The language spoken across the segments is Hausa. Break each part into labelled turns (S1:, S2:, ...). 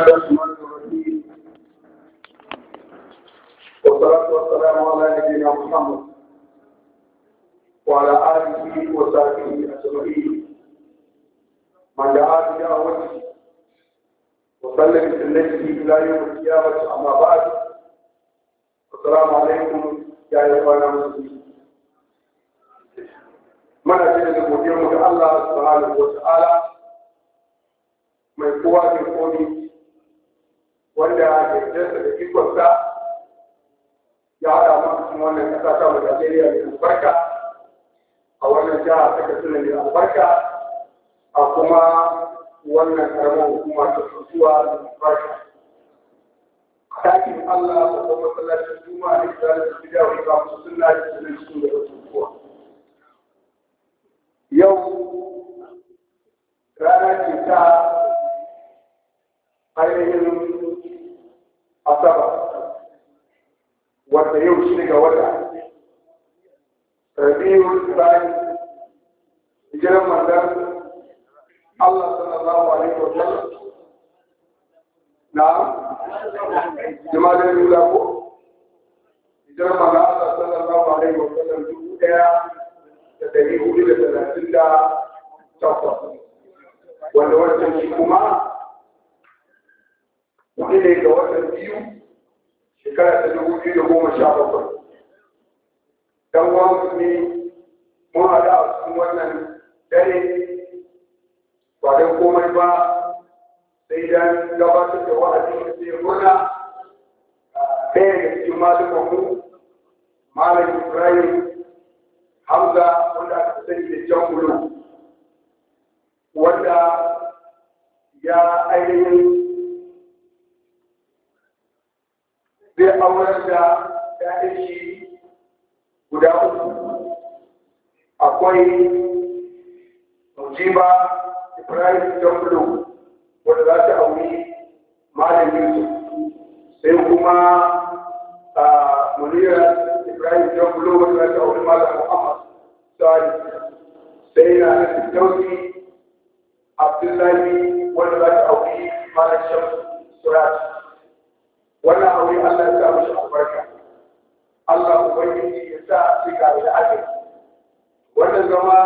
S1: الرحمن الرحيم والصلاة والسلام على نبينا محمد وعلى آله وصحبه أجمعين من دعا بدعوته وسلم بسنته إلى يوم القيامة أما بعد السلام عليكم يا إخوان المسلمين من أجل أن الله سبحانه وتعالى mai kowa ne wanda yardarsa da ikonsa ya haɗa mu cikin wannan ƙasa ta mu Najeriya mai albarka a wannan jiha ta Katsina mai albarka a kuma wannan karamar hukuma ta sutuwa da albarka. Takin Allah babban masallacin ne da Ibrahim da Bidiyar wani ba su suna da sunan cikin da Sosuwa. Yau rana ce ta ainihin asaba wanda yau shi ga wata rabiul tsari hijiran mandan Allah sallallahu alaihi wa sallam na jama'a da yula ko hijiran mandan Allah sallallahu alaihi wa sallam dubu daya da dari hudu da talatin da takwas wanda wancan shi kuma wani ne ga watan biyu shekara ta dubu biyu da goma sha bakwai dan wasu ne mun haɗa a cikin wannan dare ba don komai ba sai dan gabatar da wa'azi da zai nuna ɗaya da cikin mu? malam ibrahim hamza wanda aka sani da jan wanda ya ainihin zai aurar da ‘ya'yan shi guda uku akwai mujiba ibrahim jambulo wanda za ta auri malamin su sai kuma a munira ibrahim jambulo wanda za ta auri malamin muhammad sari sai na da abdullahi wanda za ta auri malamin shamsu surat wannan aure Allah ya sa mishi albarka Allah ubangiji ya sa shi ga da ake wannan zama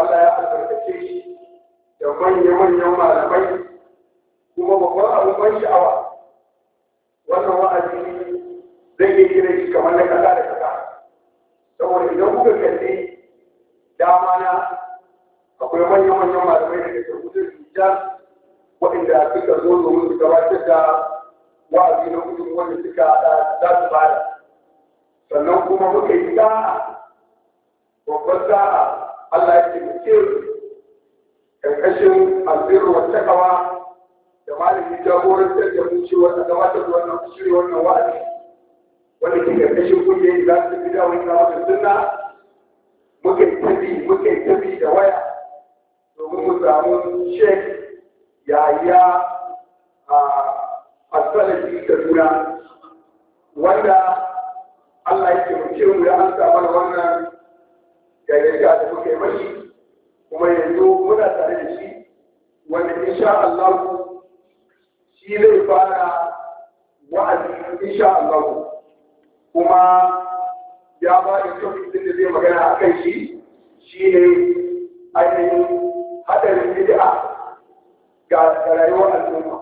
S1: Allah ya albarkace shi da manya-manyan malamai kuma babban abin ban sha'awa wannan wa'azi zai yi kira shi kamar na kasa da kasa saboda idan kuka kalli dama na akwai manya-manyan malamai da ke rubuta rubuta waɗanda suka zo domin su gabatar da wa'azi na gudun wanda suka hada za su bada sannan kuma muka yi da'a babban da'a Allah ya taimake ƙarƙashin albirru wa takawa da malamin jagorantar da mu cewa a gabatar da wannan kusuri wannan wa'azi wanda ke ƙarƙashin kungiyar da su fi dawo ina wata sunna muka yi tabi muka yi tabi da waya domin mu samu shek yaya a ah, asalafi kaduna wanda allah ya taimake mu ya amsa mana wannan gayyata da muka yi mashi kuma yanzu muna tare da shi wanda insha Allah shi zai fara wa'azi insha Allah kuma ya ba da topic da zai magana a kan shi shi ne ainihin hadarin bid'a ga rayuwar al'umma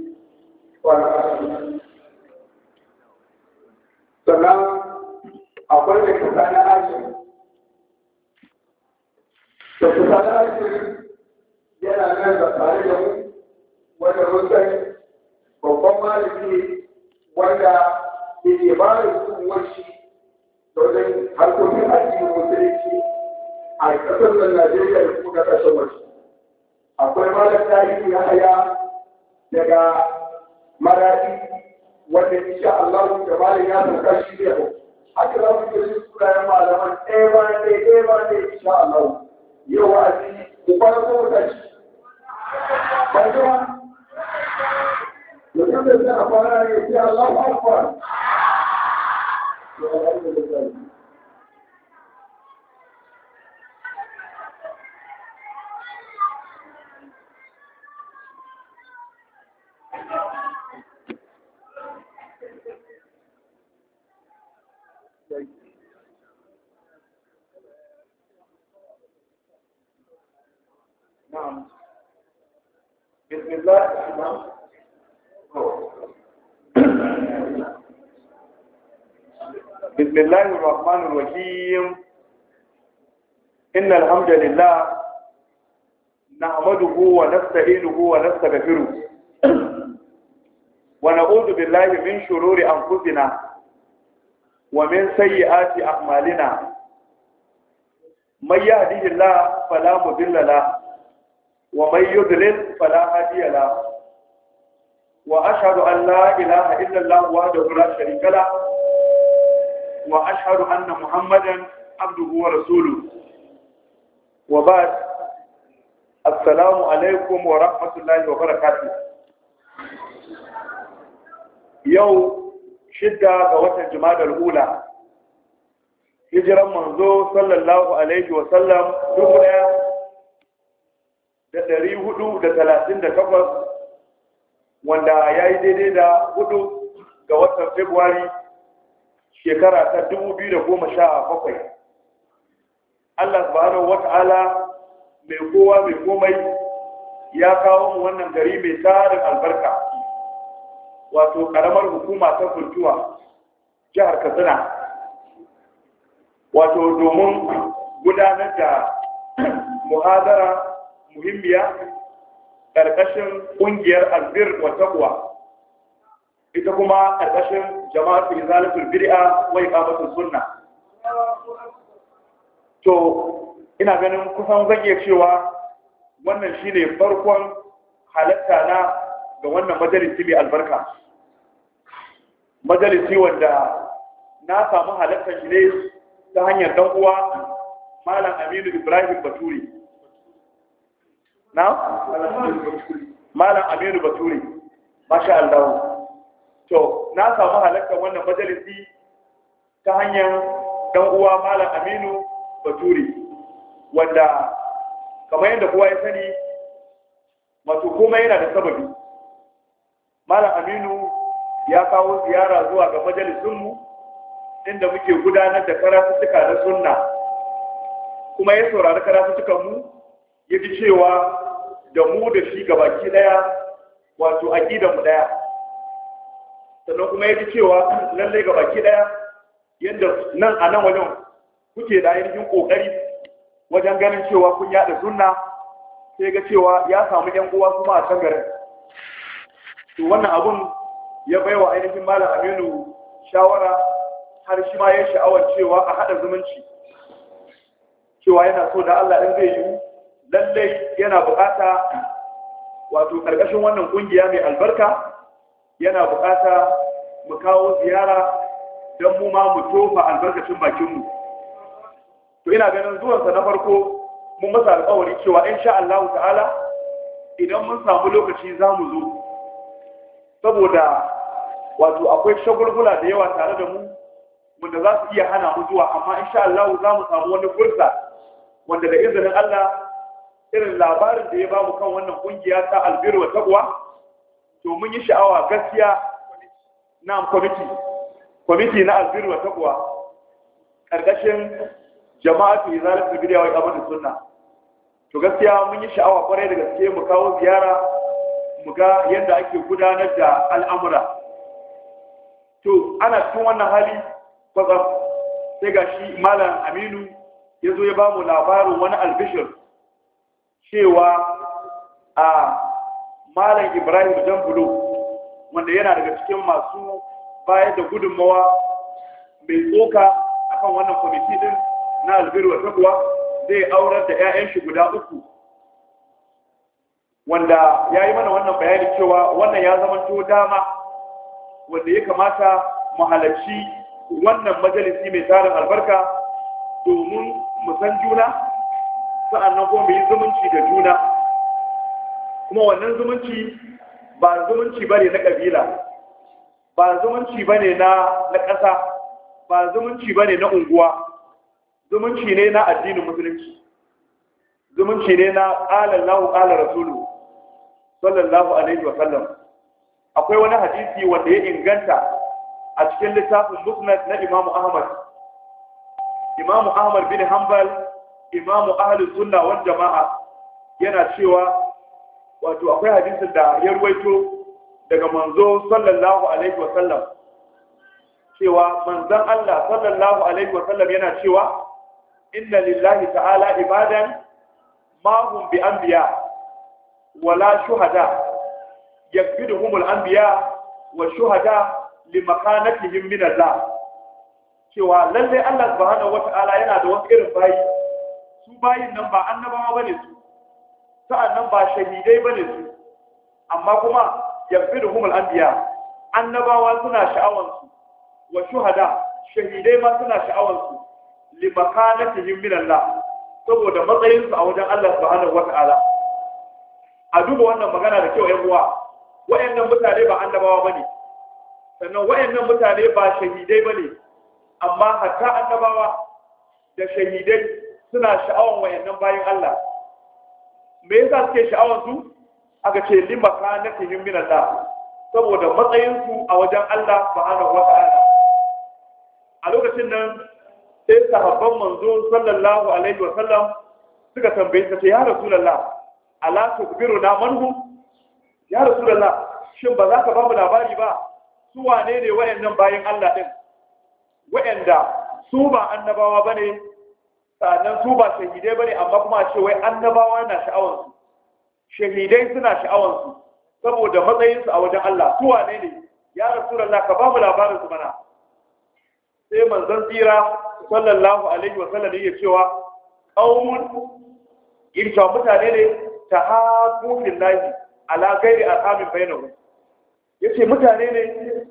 S1: sannan akwai kusa na da kusa na yana nan da tare da wanda mun san babban malami wanda yake ba da hukumar shi harkokin a Najeriya da Akwai malam tarihi daga maradi wanda insha Allah da malin ya saka shi ne haka za mu kiri sunayen malaman ɗaya bayan ne, ɗaya bayan insha Allah yau wa'azi ku kwana ko mu tashi ban ba mutum da zai a fara ne sai Allah ba ku kwana
S2: الرحمن الرحيم إن الحمد لله نحمده ونستعينه ونستغفره ونعوذ بالله من شرور أنفسنا ومن سيئات أعمالنا من يهده الله فلا مضل له ومن يضلل فلا هادي له وأشهد أن لا إله إلا الله وحده لا شريك له وأشهد أن محمدا عبده ورسوله وبعد السلام عليكم ورحمة الله وبركاته يوم شدة ووتن جماد الأولى hijiran manzo sallallahu alaihi wa sallam dubu daya da dari hudu da talatin da takwas wanda ya yi daidai da hudu ga watan februari shekara ta dubu biyu da goma sha bakwai. Allah subhanahu wata'ala mai kowa mai komai ya kawo mu wannan gari mai tarin albarka wato karamar hukuma ta kultuwa jihar
S1: Katsina wato domin
S2: gudanar da muhadara muhimmiya ƙarƙashin ƙungiyar albir wa taɓuwa ita kuma ƙarƙashin jama'atu izalatul bid'a wa iqamatus sunna to ina ganin kusan zan iya cewa wannan shine farkon halatta na ga wannan majalisi mai albarka majalisi wanda na samu halatta shi ne ta hanyar dan uwa malam Aminu Ibrahim Baturi na malam Aminu Baturi masha Allah to na samu halartar wannan majalisi ta hanyar dan uwa malam aminu baturi wanda kamar yadda kowa ya sani wato komai yana da sababi malam aminu ya kawo ziyara zuwa ga majalisunmu inda muke gudanar da karatuttuka na sunna kuma ya saurari karatuttukanmu ya ji cewa da mu da shi gabaki ɗaya wato aƙidanmu ɗaya. sannan kuma ya ji cewa lallai ga baki ɗaya yadda nan a nan wajen kuke da ainihin kokari wajen ganin cewa kun yaɗa sunna sai ga cewa ya samu ‘yan uwa kuma a can to wannan abun ya bai wa ainihin malam aminu shawara har shi ma ya sha'awar cewa a haɗa zumunci cewa yana so da allah ɗin zai yiwu lallai yana bukata wato ƙarƙashin wannan ƙungiya mai albarka yana bukata mu kawo ziyara don mu ma mu tofa albarkacin bakinmu to ina ganin zuwansa na farko mun masa alkawari cewa sha Allah ta'ala idan mun samu lokaci za mu zo saboda wato akwai shagulgula da yawa tare da mu wanda za su iya hana mu zuwa amma sha Allah za mu samu wani fursa wanda da izinin Allah irin labarin da ya ba mu kan wannan ƙungiya ta albirwa ta taqwa to mun yi sha'awa gaskiya na kwamiti kwamiti na albiru wa taqwa karkashin jama'atu izalat bid'a wa iqamat sunna to gaskiya mun yi sha'awa kwarai da gaske mu kawo ziyara mu ga yadda ake gudanar da al'amura to ana cikin wannan hali kwatsam sai ga shi malam aminu ya zo ya ba mu labarin wani albishir cewa a malam ibrahim Jan Bulu, wanda yana daga cikin masu bayar da gudunmawa mai tsoka a kan wannan kwamiti din na albiru wa tabuwa zai aurar da 'ya'yan shi guda uku wanda ya yi mana wannan bayani cewa wannan ya zamanto dama wanda ya kamata mu halarci wannan majalisi mai tarin albarka domin mu san juna sa'annan kuma mu zumunci da juna kuma wannan zumunci ba zumunci bane na kabila ba zumunci bane na na ƙasa ba zumunci bane na unguwa zumunci ne na addinin musulunci zumunci ne na qalallahu qala rasulu sallallahu alaihi wa sallam akwai wani hadisi wanda ya inganta a cikin littafin musnad na imamu ahmad imamu ahmad bin hanbal imamu ahlus sunna wal jama'a yana cewa wato akwai hadisin da ya ruwaito daga manzo sallallahu alaihi wa sallam cewa manzon Allah sallallahu alaihi wa sallam yana cewa inna lillahi ta'ala ibadan ma hum bi anbiya wala shuhada yakbiduhum al anbiya wa shuhada li min Allah cewa lalle Allah subhanahu wa yana da wasu irin bayi su bayin nan ba annabawa bane su sa'annan ba shahidai ba ne su amma kuma da humul an anbiya annabawa suna sha'awansu, su wa shuhada shahidai ma suna Limaka na li makanatihim min Allah saboda matsayinsu a wajen Allah subhanahu wata'ala a duba wannan magana da kyau 'yan uwa wayannan mutane ba annabawa bane sannan wayannan mutane ba shahidai bane amma hatta annabawa da shahidai suna sha'awan wayannan bayin Allah me yasa suke sha'awar su aka ce lima yin min Allah saboda matsayin su a wajen Allah subhanahu wata'ala a lokacin nan sai sahabban manzo sallallahu alaihi wa sallam suka tambaye ta ce ya rasulullah ala na manhu. ya rasulullah shin ba za ka ba mu labari ba su wane ne wayannan bayin Allah ɗin? wayanda su ba annabawa bane sannan su ba shahidai bane amma kuma a ce wai annabawa na sha'awar su shahidai suna sha'awar su saboda matsayin su a wajen Allah su wane ne ya rasulullahi ka ba mu labarin su mana sai manzon tsira sallallahu alaihi wa sallam ya cewa qaumun irka mutane ne ta tahaqu billahi ala ghairi arhamin bainahu yace mutane ne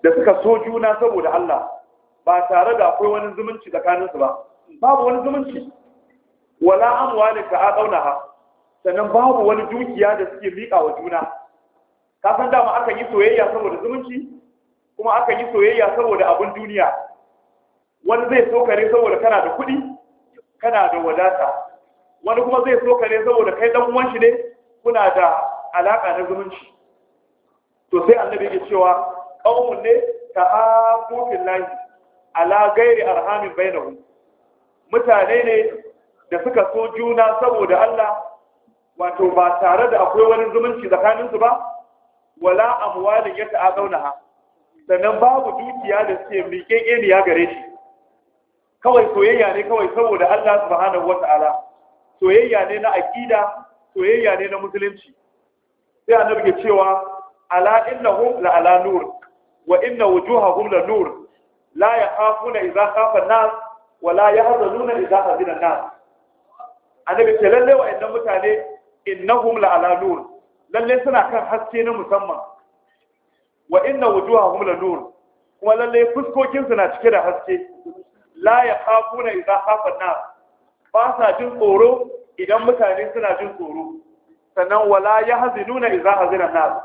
S2: da suka so juna saboda Allah ba tare da akwai wani zumunci tsakaninsu ba babu wani zumunci wala amwalika ha? sannan babu wani dukiya da suke miƙa wa juna ka san dama akan yi soyayya saboda zumunci kuma akan yi soyayya saboda abun duniya wani zai so kare saboda kana da kuɗi kana da wadata wani kuma zai so kare saboda kai dan uwan shi ne kuna da alaka na zumunci to sai annabi ya cewa qaumun ne ta'abu billahi ala ghairi arhamin bainahum mutane ne da suka so juna saboda Allah wato ba tare da akwai wani zumunci tsakaninsu ba wala amwalin ya ha. sannan babu dukiya da suke miƙeƙe ne ya gare shi kawai soyayya ne kawai saboda Allah subhanahu wata'ala soyayya ne na aqida soyayya ne na musulunci sai annabi ke cewa ala innahum la ala nur wa inna wujuhahum la nur la yakhafuna idha khafa an-nas wa la yahzanuna idha hazina an-nas annabi ce lalle idan mutane innahum ala nur lalle suna kan haske na musamman wa inna wujuhahum la nur kuma lalle fuskokin suna cike da haske la ya yakhafuna idza khafa na ba sa jin tsoro idan mutane suna jin tsoro sannan wala yahzinuna idza hazina na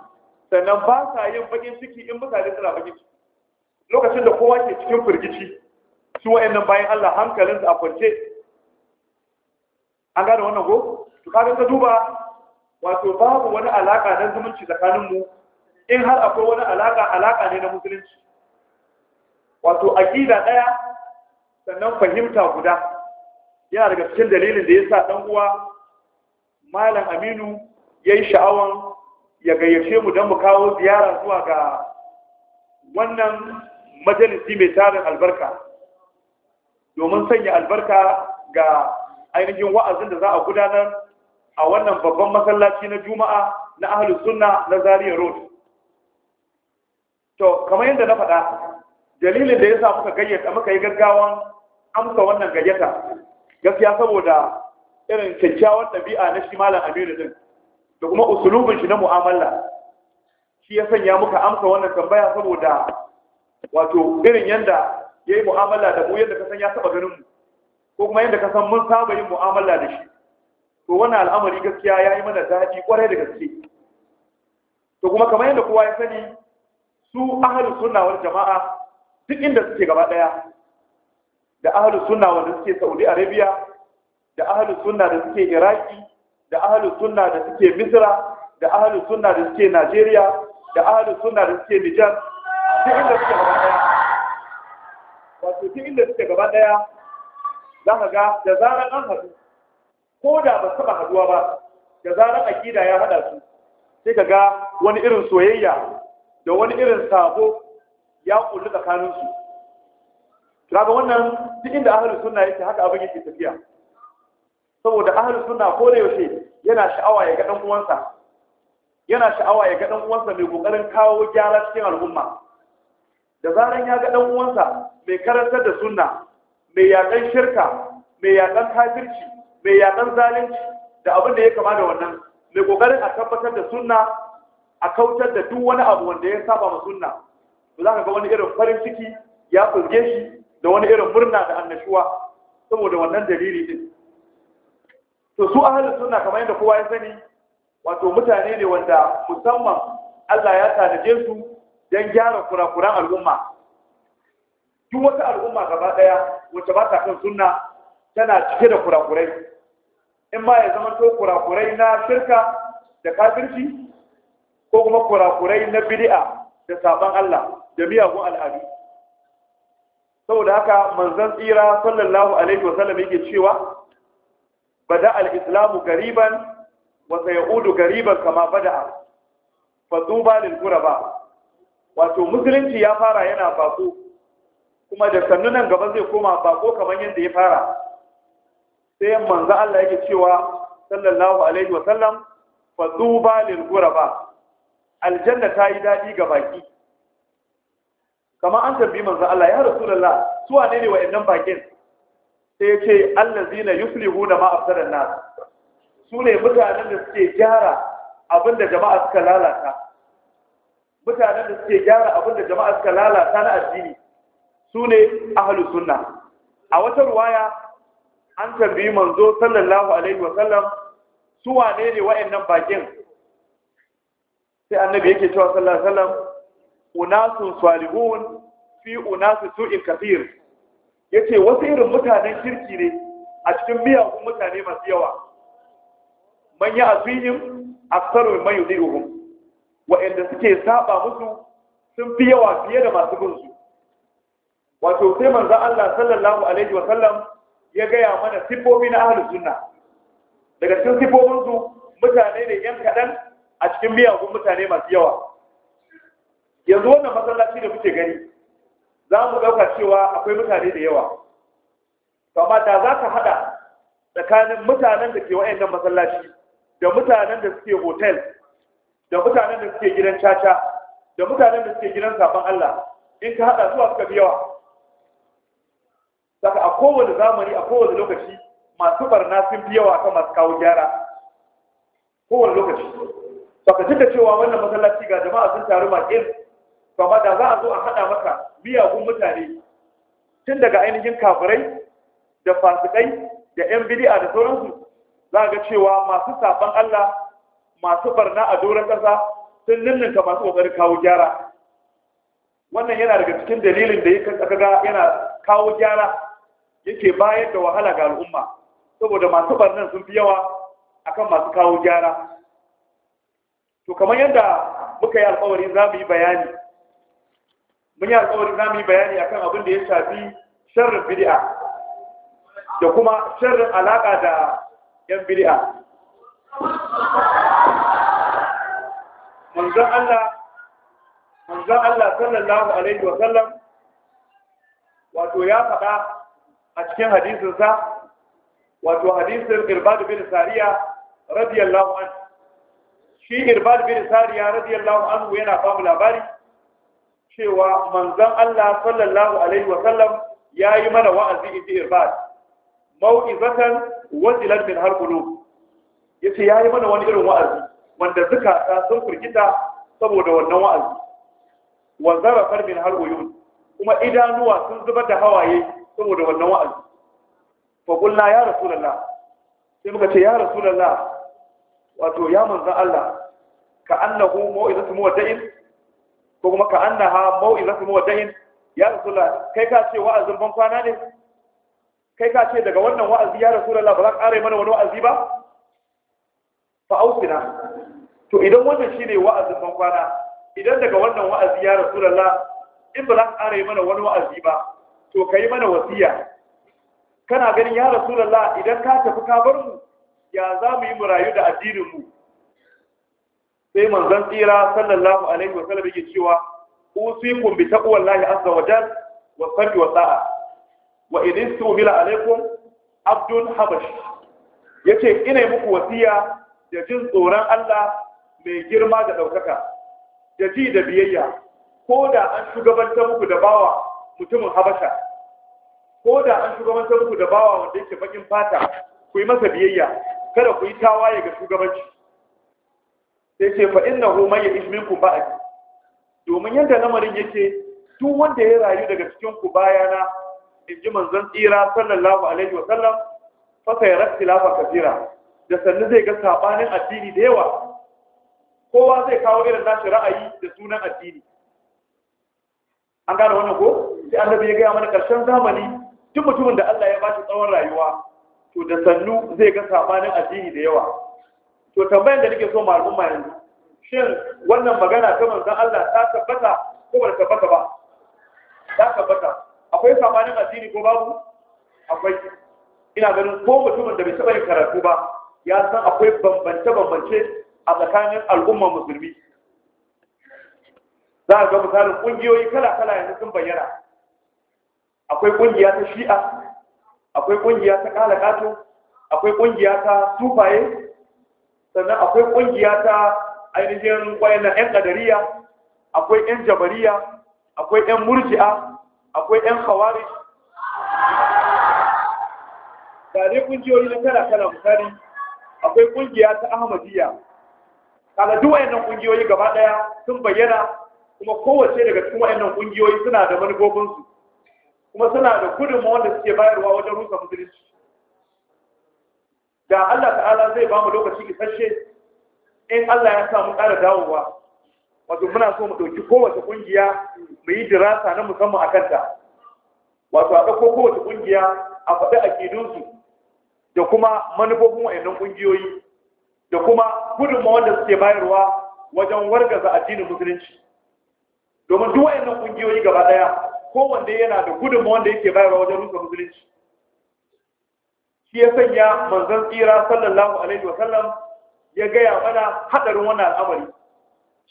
S2: sannan ba sa yin bakin ciki in mutane suna bakin ciki lokacin da kowa ke cikin firgici su wa'annan bayan Allah hankalinsu a farce. an gane wannan ko to kaga duba wato babu wani alaka na zumunci tsakaninmu. in har akwai wani alaka alaka ne na musulunci wato aqida daya sannan fahimta guda yana daga cikin dalilin da yasa dan uwa malam Aminu yayi sha'awan ya gayyace mu dan mu kawo ziyara zuwa ga wannan majalisi mai tarin albarka domin sanya albarka ga ainihin wa'azin da za a gudanar a wannan babban masallaci na juma'a na ahlus sunna na zariya road to kamar yadda na faɗa dalilin da ya sa muka gayyata muka yi gaggawan amsa wannan gayyata gaskiya saboda irin kyakkyawar ɗabi'a na shi malam aminu din da kuma usulubin shi na mu'amala shi ya sanya muka amsa wannan tambaya saboda wato irin yadda ya yi mu'amala da mu yadda ka san ya taɓa ganin mu ko kuma yadda ka san mun saba yin mu'amala da shi to wannan al'amari gaskiya ya yi mana daɗi kwarai da gaske to kuma kamar yadda kowa ya sani su ahalus sunna wal jama'a duk inda suke gaba daya da ahalus sunna wanda suke Saudi Arabia da ahalus sunna da suke Iraki da ahalus sunna da suke Misra da ahalus sunna da suke Nigeria da ahalus sunna da suke Nijar duk inda suke gaba daya wato duk inda suke gaba daya za ka ga da zarar an haɗu ko da ba taɓa haɗuwa ba da zarar aƙida ya haɗa su sai ka ga wani irin soyayya da wani irin sabo ya kulli tsakaninsu kaga wannan duk inda ahlus suna yake haka abin yake tafiya saboda ahlus sunna ko da yaushe yana sha'awa ya ga ɗan uwansa yana sha'awa ya ga uwansa mai kokarin kawo gyara cikin al'umma da zaran ya ga ɗan uwansa mai karantar da sunna mai yaƙan shirka mai yaƙan kafirci mai yaƙan zalunci da abin da ya kama da wannan mai ƙoƙarin a tabbatar da sunna a kautar da duk wani abu wanda ya saba ma sunna ba za ka ga wani irin farin ciki ya fulge shi da wani irin murna da annashuwa saboda wannan dalili din to su ahalin sunna kamar yadda kowa ya sani wato mutane ne wanda musamman Allah ya tanaje su don gyara kurakuran al'umma duk wata al'umma gaba daya wacce ba ta kan sunna tana cike da kurakurai in ma ya zama to kurakurai na shirka da kafirci ko kuma kurakurai na bid'a da saban Allah da miyagun al'adu saboda haka manzon tsira sallallahu alaihi wasallam yake cewa bada al-islamu gariban wa sayaudu gariban kama bada fa duba lil ba. wato musulunci ya fara yana bako kuma da sannu nan gaba zai koma bako kamar yadda ya fara sai manzo Allah yake cewa sallallahu alaihi wa sallam fa duba lil ghuraba aljanna ta yi dadi ga baki kamar an tambayi manzo Allah ya rasulullah su wane ne wa'annan bakin sai yace allazina yuslihuna ma afsadan nas su ne mutanen da suke gyara abinda jama'a suka lalata mutanen da suke gyara abinda jama'a suka lalata na addini su ne ahalus sunna a wata ruwaya an tambayi manzo sallallahu alaihi wa sallam su wane ne wa'annan bakin sai annabi yake cewa sallallahu alaihi wa sallam unasun salihun fi unasu su'in yace wasu irin mutanen kirki ne a cikin miyagun mutane masu yawa man ya azihim aksaru man yudhiruhum wa'anda suke saba musu sun fi yawa fiye da masu bin wato sai manzon Allah sallallahu alaihi wa sallam ya gaya mana sifofi na ahlus sunna daga cikin sifofin su mutane ne yan kadan a cikin miyagun mutane masu yawa yanzu wannan masallaci da muke gani za mu ɗauka cewa akwai mutane da yawa amma da za ka haɗa tsakanin mutanen da ke wayannan masallaci da mutanen da suke hotel da mutanen da suke gidan caca da mutanen da suke gidan sabon Allah in ka haɗa zuwa suka fi yawa saka a kowane zamani a kowane lokaci masu barna sun fi yawa kan masu kawo gyara kowane lokaci saka ka cewa wannan masallaci ga jama'a sun taru makin to amma da za a zo a haɗa maka miyagun mutane tun daga ainihin kafirai da fasikai da yan bidi'a da sauransu za a ga cewa masu saban Allah masu barna a doron kasa sun ninninka masu ƙoƙarin kawo gyara wannan yana daga cikin dalilin da ya ga yana kawo gyara yake bayar da wahala ga al'umma saboda masu barnan sun fi yawa akan masu kawo gyara to kamar yadda muka yi alƙawarin za mu yi bayani mun yi alƙawarin za mu yi bayani akan abin da ya shafi sharrin bid'a da kuma sharrin alaƙa da 'yan bid'a manzan Allah manzan Allah sallallahu alaihi wa sallam wato ya faɗa a cikin hadisinsa wato hadisin irbad bin sariya radiyallahu an shi irbad bin sariya radiyallahu an yana ba labari cewa manzon Allah sallallahu alaihi wa sallam yayi mana wa'azi inji irbad mau'izatan wajilan min ce yace yayi mana wani irin wa'azi wanda zakata sun kurkita saboda wannan wa'azi wa farmin min harqulub kuma idanuwa sun zubar da hawaye saboda wannan wa'azi fa qulna ya rasulullah sai muka ce ya rasulullah wato ya manzan Allah ka annahu mau'izatu muwadda'in ko kuma ka annaha mau'izatu muwadda'in ya rasu rasulullah kai ka ce wa'azin ban kwana ne kai ka ce daga wannan wa'azi ya rasulullah ba za ka ƙara mana wani wa'azi ba fa ausina to idan wannan shine wa'azin ban kwana idan daga wannan wa'azi ya rasulullah in ba za ka ƙara mana wani wa'azi ba to ka yi mana wasiya kana ganin ya rasulallah idan ka tafi kabarmu ya za mu yi mu rayu da addinin mu sai manzon tsira sallallahu alaihi wa sallam yake cewa usikum bi taqwallahi azza wa jal wa sabbi wa sa'a wa in istumila alaikum abdun habash yace ina muku wasiya da jin tsoron Allah mai girma da daukaka da ji da biyayya ko da an shugabanta muku da bawa mutumin habasha ko da an shugabantar ku da bawa wanda yake bakin fata ku yi masa biyayya kada ku yi tawaye ga shugabanci sai ce fa innahu man ya'ish minkum ba'd domin yadda lamarin yake duk wanda ya rayu daga cikin ku bayana in ji manzon tsira sallallahu alaihi wa sallam fa sayara tilafa kafira da sannu zai ga sabanin addini da yawa kowa zai kawo irin nashi ra'ayi da sunan addini an gane wannan ko sai annabi ya gaya mana ƙarshen zamani tun mutumin da Allah ya ba shi tsawon rayuwa to da sannu zai ga sabanin addini da yawa to tambayar da nake so ma al'umma yanzu shin wannan magana ta manzo Allah ta tabbata ko ba ta tabbata ba ta tabbata akwai sabanin addini ko babu akwai ina ganin ko mutumin da bai taɓa yin karatu ba ya san akwai bambance-bambance a tsakanin al'umma musulmi za a ga misalin ƙungiyoyi kala-kala yanzu sun bayyana akwai ƙungiya ta shi'a akwai ƙungiya ta kalakato akwai kungiya ta tufaye sannan akwai kungiya ta ainihin na yan kadariya akwai yan jabariya akwai yan murji'a akwai yan hawari Tare ƙungiyoyi kungiyoyi na kala kala misali akwai kungiya ta ahmadiyya kaladu duk wayannan kungiyoyi gaba ɗaya sun bayyana kuma kowace daga cikin wayannan ƙungiyoyi suna da manufofinsu kuma suna da gudunmu wanda suke bayarwa wajen rusa musulunci da Allah ta'ala zai ba mu lokaci isasshe in Allah ya samu ƙara dawowa wato muna so mu ɗauki kowace ƙungiya mu yi dirasa na musamman a kanta wato a ɗauko kowace ƙungiya a faɗi aƙidunsu da kuma manufofin wa'annan ƙungiyoyi da kuma gudunma wanda suke bayarwa wajen wargaza addinin musulunci domin duk wa'annan ƙungiyoyi gaba ɗaya kowanne yana da gudunmu wanda yake bayarwa wajen rusa musulunci shi ya sanya manzan tsira sallallahu alaihi wasallam ya gaya mana hadarin wannan al'amari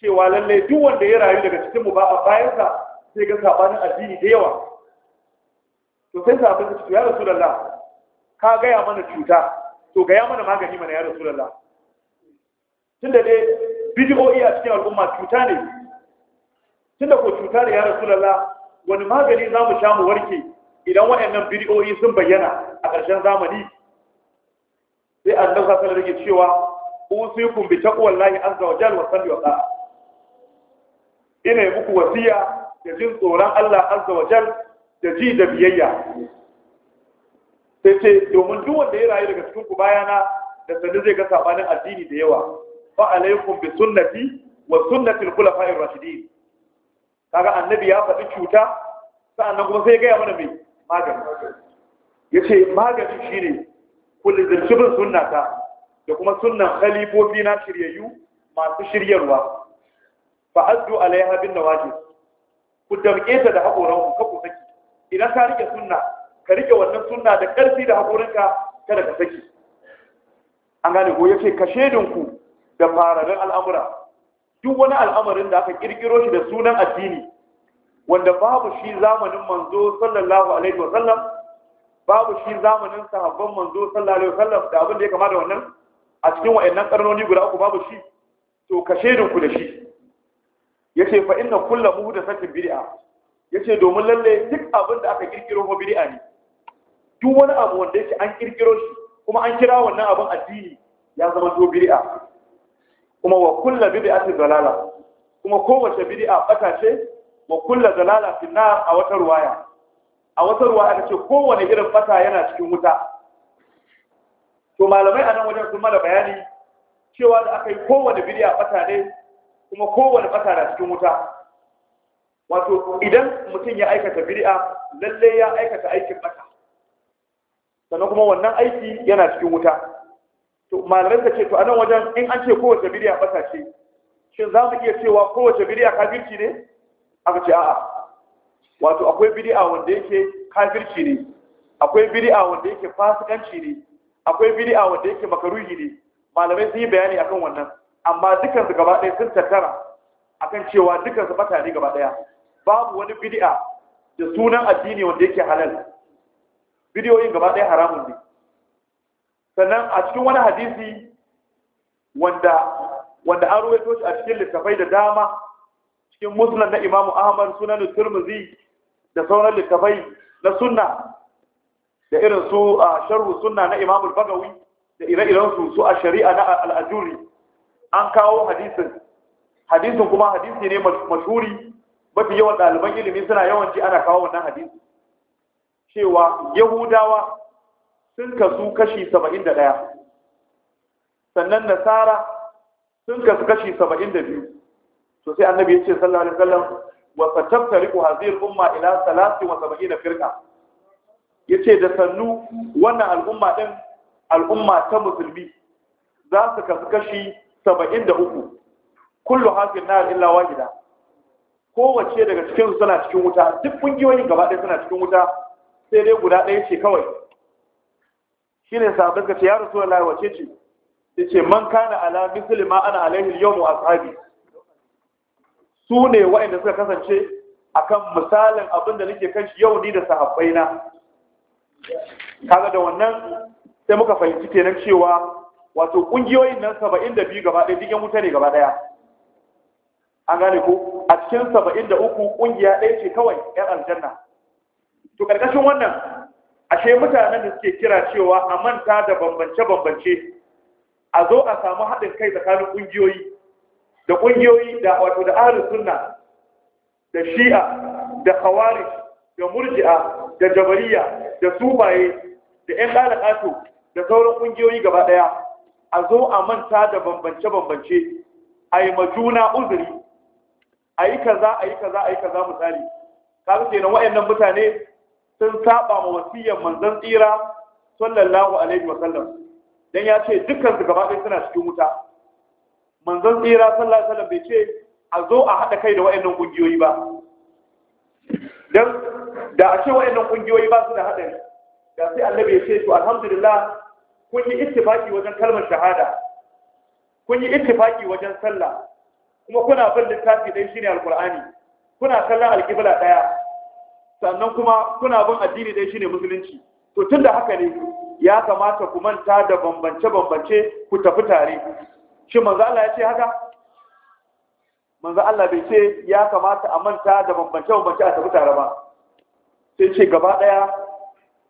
S2: cewa lallai duk wanda ya rayu daga cikinmu ba a bayansa sai ga sabanin addini da yawa to sai sabon suka ya ya lalla. ka gaya mana cuta to gaya mana magani mana ya rasulullah tunda dai bidiyoyi a cikin al'umma cuta ne tunda ko cuta ne ya lalla. wani magani za mu sha mu warke idan waɗannan bidiyoyi sun bayyana a ƙarshen zamani sai annabi sallallahu alaihi wasallam cewa usikum bi taqwallahi azza an zawa wa salli wa ta'a ina yi muku wasiya da jin tsoron Allah an zawa jal da ji da biyayya sai ce domin duk wanda ya rayu daga cikin ku bayana da sanin zai ga sabanin addini da yawa fa alaikum bi sunnati wa kula fa'in rashidin kaga annabi ya faɗi cuta sa'annan kuma sai gaya mana mai magani ya ce magani shi ne kulizirci bin sunnata da kuma sunnan khalifofi na shiryayyu masu shiryarwa fa addu alaiha bin ku damƙe ta da haƙoranku ka ku saki idan ka rike sunna ka rike wannan sunna da ƙarfi da haƙoranka kada ka saki an gane ko yace ka shedinku da fararen al'amura duk wani al'amarin da aka kirkiro shi da sunan addini wanda babu shi zamanin manzo sallallahu alaihi wa sallam babu shi zamanin sahabban manzo sallallahu alaihi wa sallam da abin da ya kama da wannan a cikin wayannan karnoni guda uku babu shi to ka shaidun ku da shi yace fa inna kullu muhdathatin bid'a yace domin lalle duk abin da aka kirkiro ko bid'a ne duk wani abu wanda yake an kirkiro shi kuma an kira wannan abin addini ya zama to bid'a kuma wa kulla bid'ati dalala kuma kowace bid'a bata ce wa kulla dalala fi nar a wata ruwaya a wata ruwaya ta ce kowane irin bata yana cikin wuta to malamai anan wajen sun mana bayani cewa da aka yi kowane bid'a bata ne kuma kowane bata na cikin wuta wato idan mutum ya aikata bid'a lalle ya aikata aikin bata sannan kuma wannan aiki yana cikin wuta to malamai ka ce to anan wajen in an ce kowace bidiya bata ce shin za mu iya cewa kowace bidiya kafirci ne aka ce a'a wato akwai bidiya wanda yake kafirci ne akwai bidiya wanda yake fasikanci ne akwai bidiya wanda yake makaruhi ne malamai sun yi bayani akan wannan amma su gaba ɗaya sun tattara akan cewa dukkan bata ne gaba ɗaya babu wani bidiya da sunan addini wanda yake halal bidiyoyin gaba ɗaya haramun ne sannan a cikin wani hadisi wanda wanda an ruwaito shi a cikin littafai da dama cikin musulun na Imam Ahmad sunan Tirmidhi da sauran littafai na sunna da irin su a sharhu sunna na Imam bagawi da ire-iren su su a shari'a na al an kawo hadisin hadisin kuma hadisi ne mashuri mafi yawan ɗaliban ilimi suna yawan ji ana kawo wannan hadisi cewa Yahudawa sun kasu kashi saba'in da ɗaya sannan nasara sun kasu kashi saba'in da biyu to sai annabi ya ce sallallahu alaihi wasallam wa sataftariqu hadhihi al-umma ila salasi wa firqa yace da sannu wannan al'umma din al'umma ta musulmi za su kasu kashi saba'in da uku kullu hafin na illa wahida kowace daga cikin suna cikin wuta duk kungiyoyin gaba ɗaya suna cikin wuta sai dai guda ɗaya ce kawai shine sahabbai ka ce ya rasulullahi wace ce yace man kana ala misli ma ana alaihi yawmu ashabi su ne waɗanda suka kasance akan misalin abin da nake kan shi yau ni da sahabbai na kaga da wannan sai muka fahimci kenan cewa wato kungiyoyin nan 72 gaba ɗaya dukkan wuta ne gaba ɗaya an gane ko a cikin 73 kungiya ɗaya ce kawai yan aljanna to karkashin wannan ashe mutanen da suke kira cewa a manta da bambance-bambance a zo a samu haɗin kai tsakanin ƙungiyoyi da ƙungiyoyi da wato da ahalin sunna da shi'a da khawarij da murji'a da jabariya da subaye da 'yan ƙalaƙato da sauran ƙungiyoyi gaba ɗaya a zo a manta da bambance-bambance a yi majuna uzuri a yi kaza a yi kaza a yi kaza misali kasu kenan wa'annan mutane sun saba ma wasiyar manzon tsira sallallahu alaihi wa sallam dan ya ce dukkan su gaba suna cikin wuta manzon tsira sallallahu alaihi wa bai ce a zo a haɗa kai da wayannan ƙungiyoyi ba dan da a ce wayannan ƙungiyoyi ba su da haɗari da sai annabi ya ce to alhamdulillah kun yi ittifaki wajen kalmar shahada kun yi ittifaki wajen sallah kuma kuna bin littafi dai shine alqur'ani kuna kallon alqibla ɗaya. sannan kuma kuna bin addini dai shine musulunci to da haka ne ya kamata ku manta da bambance bambance ku tafi tare shi manzo Allah ya ce haka manzo Allah bai ce ya kamata a manta da bambance bambance a tafi tare ba sai ce gaba ɗaya.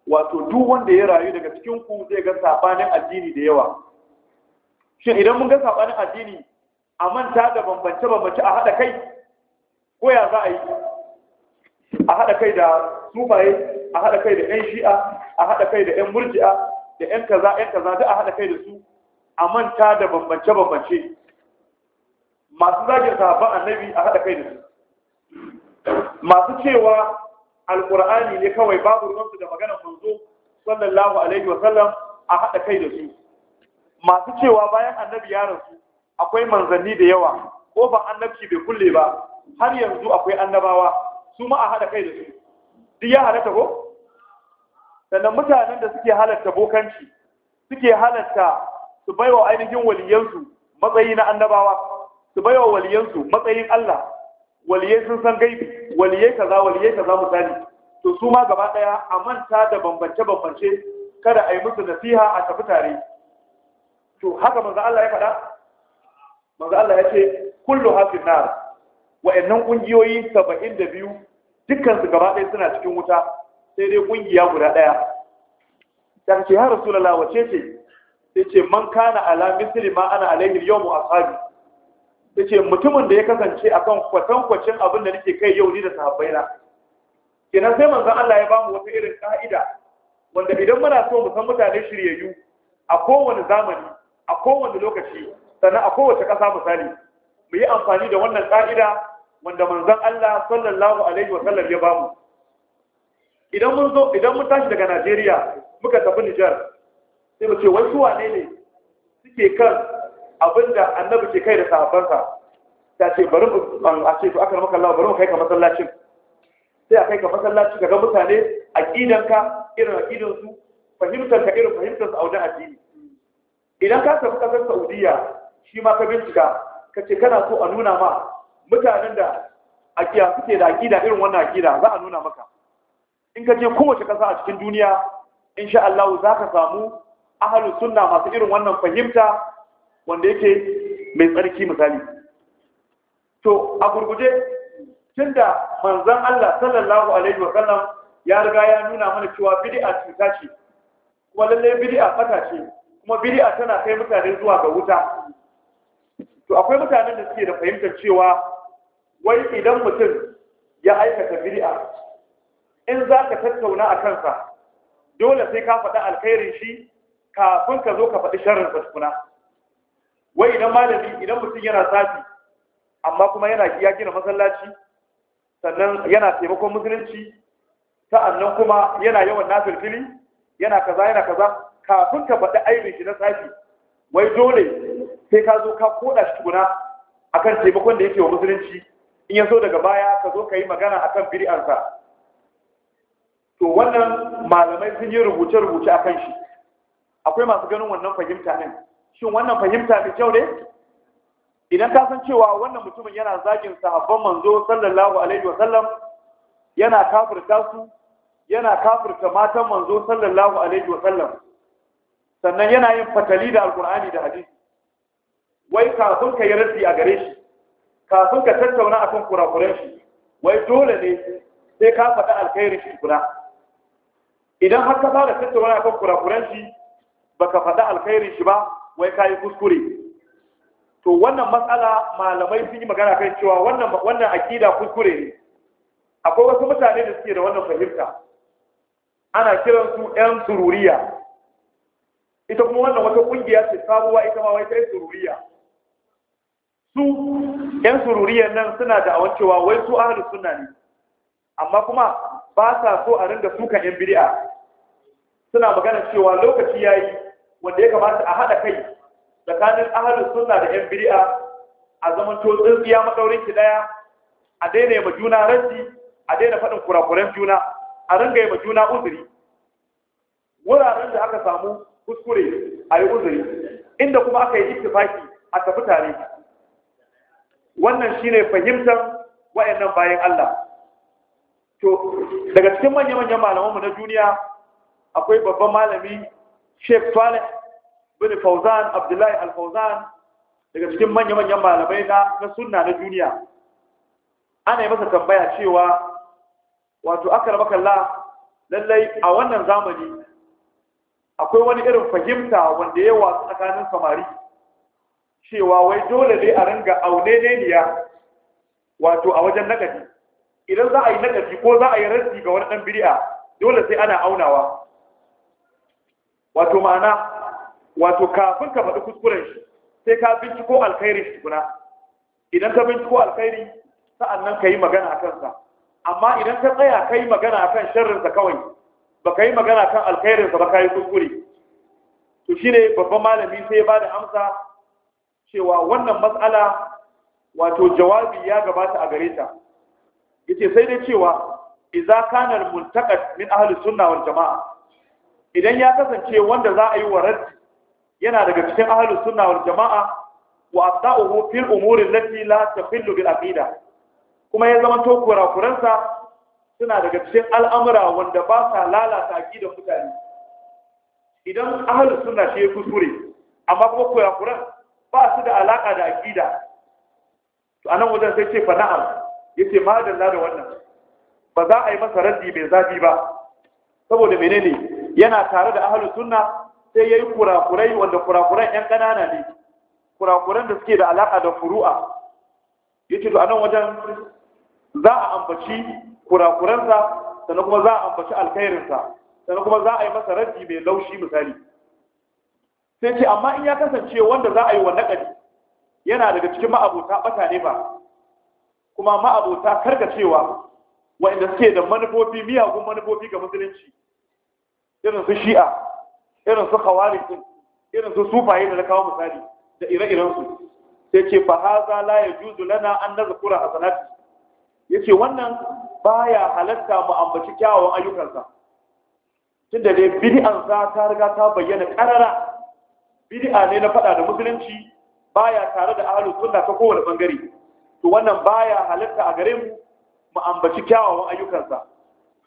S2: wato duk wanda ya rayu daga cikin ku zai ga sabanin addini da yawa shin idan mun ga sabanin addini a manta da bambance bambance a haɗa kai ko ya za a yi a haɗa kai da sufaye a haɗa kai da 'yan shi'a a haɗa kai da 'yan murji'a da 'yan kaza 'yan kaza duk a haɗa kai da su a manta da bambance-bambance masu zagin sahabban annabi a haɗa kai da su masu cewa alƙur'ani ne kawai babu ruwansu da maganar manzo sallallahu alaihi wa sallam a haɗa kai da su masu cewa bayan annabi ya rasu akwai manzanni da yawa ko ba annabci bai kulle ba har yanzu akwai annabawa su ma a haɗa kai da su duk ya halatta ko sannan mutanen da suke halatta bokanci suke halatta su baiwa ainihin waliyansu matsayi na annabawa su baiwa waliyansu matsayin Allah waliyai sun san gaibi waliyai kaza waliyai kaza misali to su ma gaba ɗaya a manta da bambance bambance kada a yi musu nasiha a tafi tare to haka manzo Allah ya faɗa manzo Allah ya ce kullu hafin nar wa'annan kungiyoyi 72 dukkan su gaba ɗaya suna cikin wuta sai dai kungiya guda ɗaya dan ce har rasulullah wace ce sai ce man kana ala misli ma ana alaihi yawmu ashabi sai ce mutumin da ya kasance akan kwatankwacin abin da nake kai yau ni da sahabbaina kenan sai manzo Allah ya bamu wata irin ka'ida wanda idan muna so mu san mutane shiryayyu a kowane zamani a kowane lokaci sannan a kowace ƙasa misali mu yi amfani da wannan ƙa'ida wanda manzon Allah sallallahu alaihi wa sallam ya bamu idan mun zo idan mun tashi daga Najeriya muka tafi Nijar? sai mu ce wai wane ne suke kan abinda annabi ke kai da sahabbansa ta ce bari a ce to aka maka Allah bari mu kai ka masallacin sai a kai ka masallaci ga mutane aqidanka irin aqidan su fahimtar ka irin fahimtar su a wajen addini idan ka tafi kasar Saudiya shi ma ka bincika ka ce kana so a nuna ma mutanen da a akiya suke da akida irin wannan akida za a nuna maka in ka je kowace kasa a cikin duniya insha Allah za ka samu ahalu sunna masu irin wannan fahimta wanda yake mai tsarki misali to a gurguje tunda manzon Allah sallallahu alaihi wa sallam ya riga ya nuna mana cewa bid'a cuta ce kuma lalle bid'a fata ce kuma bid'a tana kai mutane zuwa ga wuta to akwai mutanen da suke da fahimtar cewa wai idan mutum ya aikata bid'a in za ka tattauna a kansa dole sai ka faɗi alkhairin shi kafin ka zo ka faɗi sharrin sa tukuna wai idan malami idan mutum yana safi amma kuma yana ya gina masallaci sannan yana taimakon musulunci sa'annan kuma yana yawan nafilfili yana kaza yana kaza kafin ka faɗi aibin shi na safi wai dole sai ka zo ka koɗa shi tukuna akan taimakon da yake wa musulunci in ya so daga baya ka zo ka yi magana a kan bid'arsa to wannan malamai sun yi rubuce-rubuce a kan shi akwai masu ganin wannan fahimta ne? shin wannan fahimta ne kyau ne idan ka san cewa wannan mutumin yana zagin sahabban manzo sallallahu alaihi wasallam yana kafirta su yana kafirta matan manzo sallallahu alaihi wasallam sannan yana yin fatali da alkur'ani da hadisi wai ka ka yi rasi a gare shi kafin ka tattauna akan kurakuren shi wai dole ne sai ka faɗa alkhairin shi guda idan har ka fara tattauna akan kurakuren shi ba ka faɗa alkhairin shi ba wai ka yi kuskure to wannan matsala malamai sun yi magana kai cewa wannan wannan akida kuskure ne akwai wasu mutane da suke da wannan fahimta ana kiran su 'yan sururiya ita kuma wannan wata kungiya ce sabuwa ita ma wai ta sururiya su yan sururiyar nan suna da awon cewa wai su ahli sunna ne amma kuma ba sa so a ringa sukan yan bid'a suna magana cewa lokaci yayi wanda ya kamata a hada kai tsakanin ahli sunna da yan bid'a a zaman to tsintsiya madaurin ki daya a daina ma juna rashi a daina faɗin kurakuran juna a ringa yi ma juna uzuri wuraren da aka samu kuskure a yi uzuri inda kuma aka yi ittifaki a tafi tare wannan shi ne fahimtar nan bayan Allah to daga cikin manyan manyan malamanmu na duniya akwai babban malami Sheikh Saleh bin Fauzan Abdullahi Al-Fauzan daga cikin manyan manyan malamai na suna na duniya ana yi masa tambaya cewa wato kalla lallai a wannan zamani akwai wani irin fahimta wanda ya yi wasu tsakanin samari cewa wai dole ne a ringa aune ne niya wato a wajen nagadi, idan za a yi nagadi ko za a yi rasi ga wani dan bid'a dole sai ana aunawa wato ma'ana wato kafin ka faɗi kuskuren shi sai ka binciko alkhairin shi kuna idan ka binciko alkhairi sa'annan ka yi magana a kansa amma idan ka tsaya ka yi magana a kan sharrinsa kawai ba ka yi magana a kan alkhairinsa ba ka yi kuskure to shi ne babban malami sai ya ba da amsa cewa wannan matsala wato jawabi ya gabata a gare ta yace sai dai cewa idza kana al-muntaqad min ahli sunna wal jamaa idan ya kasance wanda za a yi wa raddi yana daga cikin ahli sunna wal jamaa wa asda'uhu fil umuri allati la taqillu bil aqida kuma ya zama to kurakuransa suna daga cikin al'amura wanda ba sa lalata aqidar mutane idan ahli sunna shi ya kusure amma kuma kurakuran ba su da alaka da aƙida. to anan wajen sai ce fa na'am yace ma dalla da wannan ba za a yi masa raddi mai zafi ba saboda menene yana tare da ahlus sunna sai yayi kurakurai wanda kurakuran yan kanana ne kurakuran da suke da alaka da furu'a yace to anan wajen za a ambaci kurakuransa sannan kuma za a ambaci alkhairinsa sannan kuma za a yi masa raddi mai laushi misali sai ce amma in ya kasance wanda za a yi wa naƙari yana daga cikin ma'abota ɓata ne ba kuma ma'abota cewa waɗanda suke da manufofi miyagun manufofi ga musulunci irin su shi'a irin su kawari irin su sufaye da na kawo misali da ire-iren su sai ce fa haza la yajuzu lana an nazkura Ya yace wannan baya halatta mu ambaci kyawawan ayyukansa tunda dai bid'an sa ta riga ta bayyana karara bid'a ne na faɗa da musulunci baya tare da ahlus sunna ta kowane bangare to wannan baya halatta a gare mu mu ambaci kyawawan ayyukansa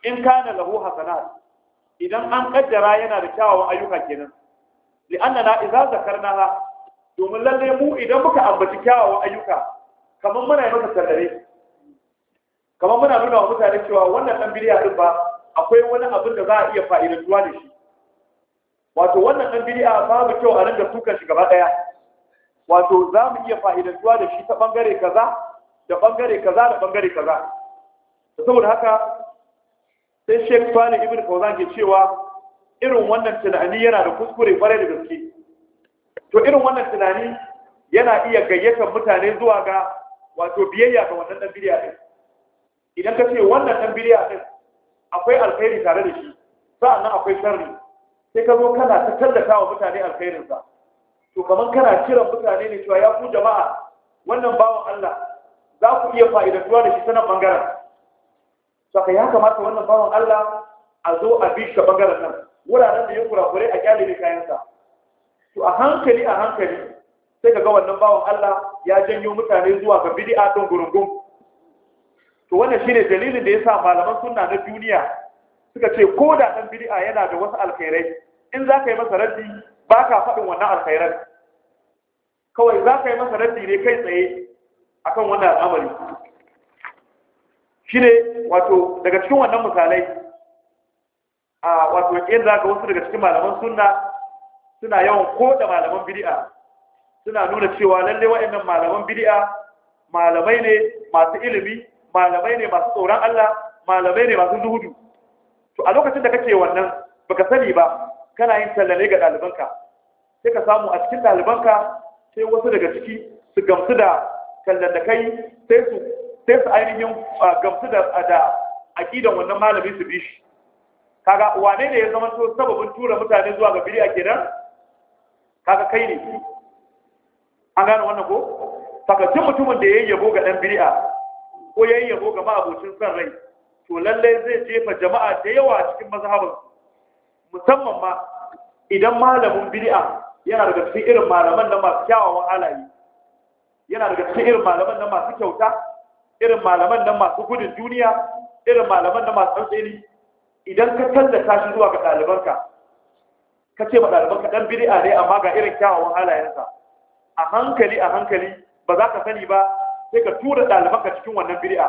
S2: in kana lahu hasanat idan an kaddara yana da kyawawan ayyuka kenan li'annana idza ha? domin lalle mu idan muka ambaci kyawawan ayyuka kamar muna yi masa sallare kamar muna nuna wa mutane cewa wannan dan bidiya din ba akwai wani abin da za a iya fa'idantuwa da shi wato wannan ɗan babu kyau a ringa tukar shi gaba ɗaya wato za mu iya fa'idantuwa da shi ta ɓangare kaza da ɓangare kaza da ɓangare kaza saboda haka sai shek salih ibn fawzan ke cewa irin wannan tunani yana da kuskure kwarai da gaske to irin wannan tunani yana iya gayyatar mutane zuwa ga wato biyayya ga wannan ɗan bid'a ɗin idan ka ce wannan ɗan bid'a ɗin akwai alkhairi tare da shi sa'annan akwai sharri sai ka zo kana ta tallata wa mutane alkhairinsa to kamar kana kiran mutane ne cewa ya ku jama'a wannan bawan Allah za ku iya fa'idantuwa da shi ta nan ɓangaren saka ya kamata wannan bawan Allah a zo a bi shi ɓangaren nan wuraren da ya kurakure a kyale ne kayansa to a hankali a hankali sai ka ga wannan bawan Allah ya janyo mutane zuwa ga bid'a don gurungun to wannan shine dalilin da yasa malaman sunna na duniya suka ce ko da ɗan bid'a yana da wasu alkhairai in za ka yi masa raddi ba ka faɗin wannan alkhairan kawai za ka yi masa raddi ne kai tsaye akan wannan al'amari shi ne wato daga cikin wannan misalai a wato yin za ka wasu daga cikin malaman sunna suna yawan da malaman bid'a suna nuna cewa lalle wa'annan malaman bid'a malamai ne masu ilimi malamai ne masu tsoron Allah malamai ne masu zuhudu to a lokacin da kake wannan baka sani ba kana yin tallale ga ɗalibanka sai ka samu a cikin ɗalibanka sai wasu daga ciki su gamsu da tallan da kai sai su sai su ainihin ah, gamsu da da aqidan wannan malami su bi shi kaga wane ne ya zama to sababin tura mutane zuwa ga a kenan kaga kai ne an gane wannan ko saka duk mutumin da yayin yabo ga dan bid'a ko yayin yabo ga ma ma'abocin san rai to lallai zai jefa jama'a da yawa a cikin mazhabansu musamman ma idan malamin bid'a yana daga cikin irin malaman da masu kyawawan halaye yana daga cikin irin malaman da masu kyauta irin malaman da masu gudun duniya irin malaman da masu tsantseni idan ka tallata shi zuwa ga ɗalibanka ka ce ma ɗalibanka ɗan bid'a ne amma ga irin kyawawan halayensa a hankali a hankali ba za ka sani ba sai ka tura ɗalibanka cikin wannan bid'a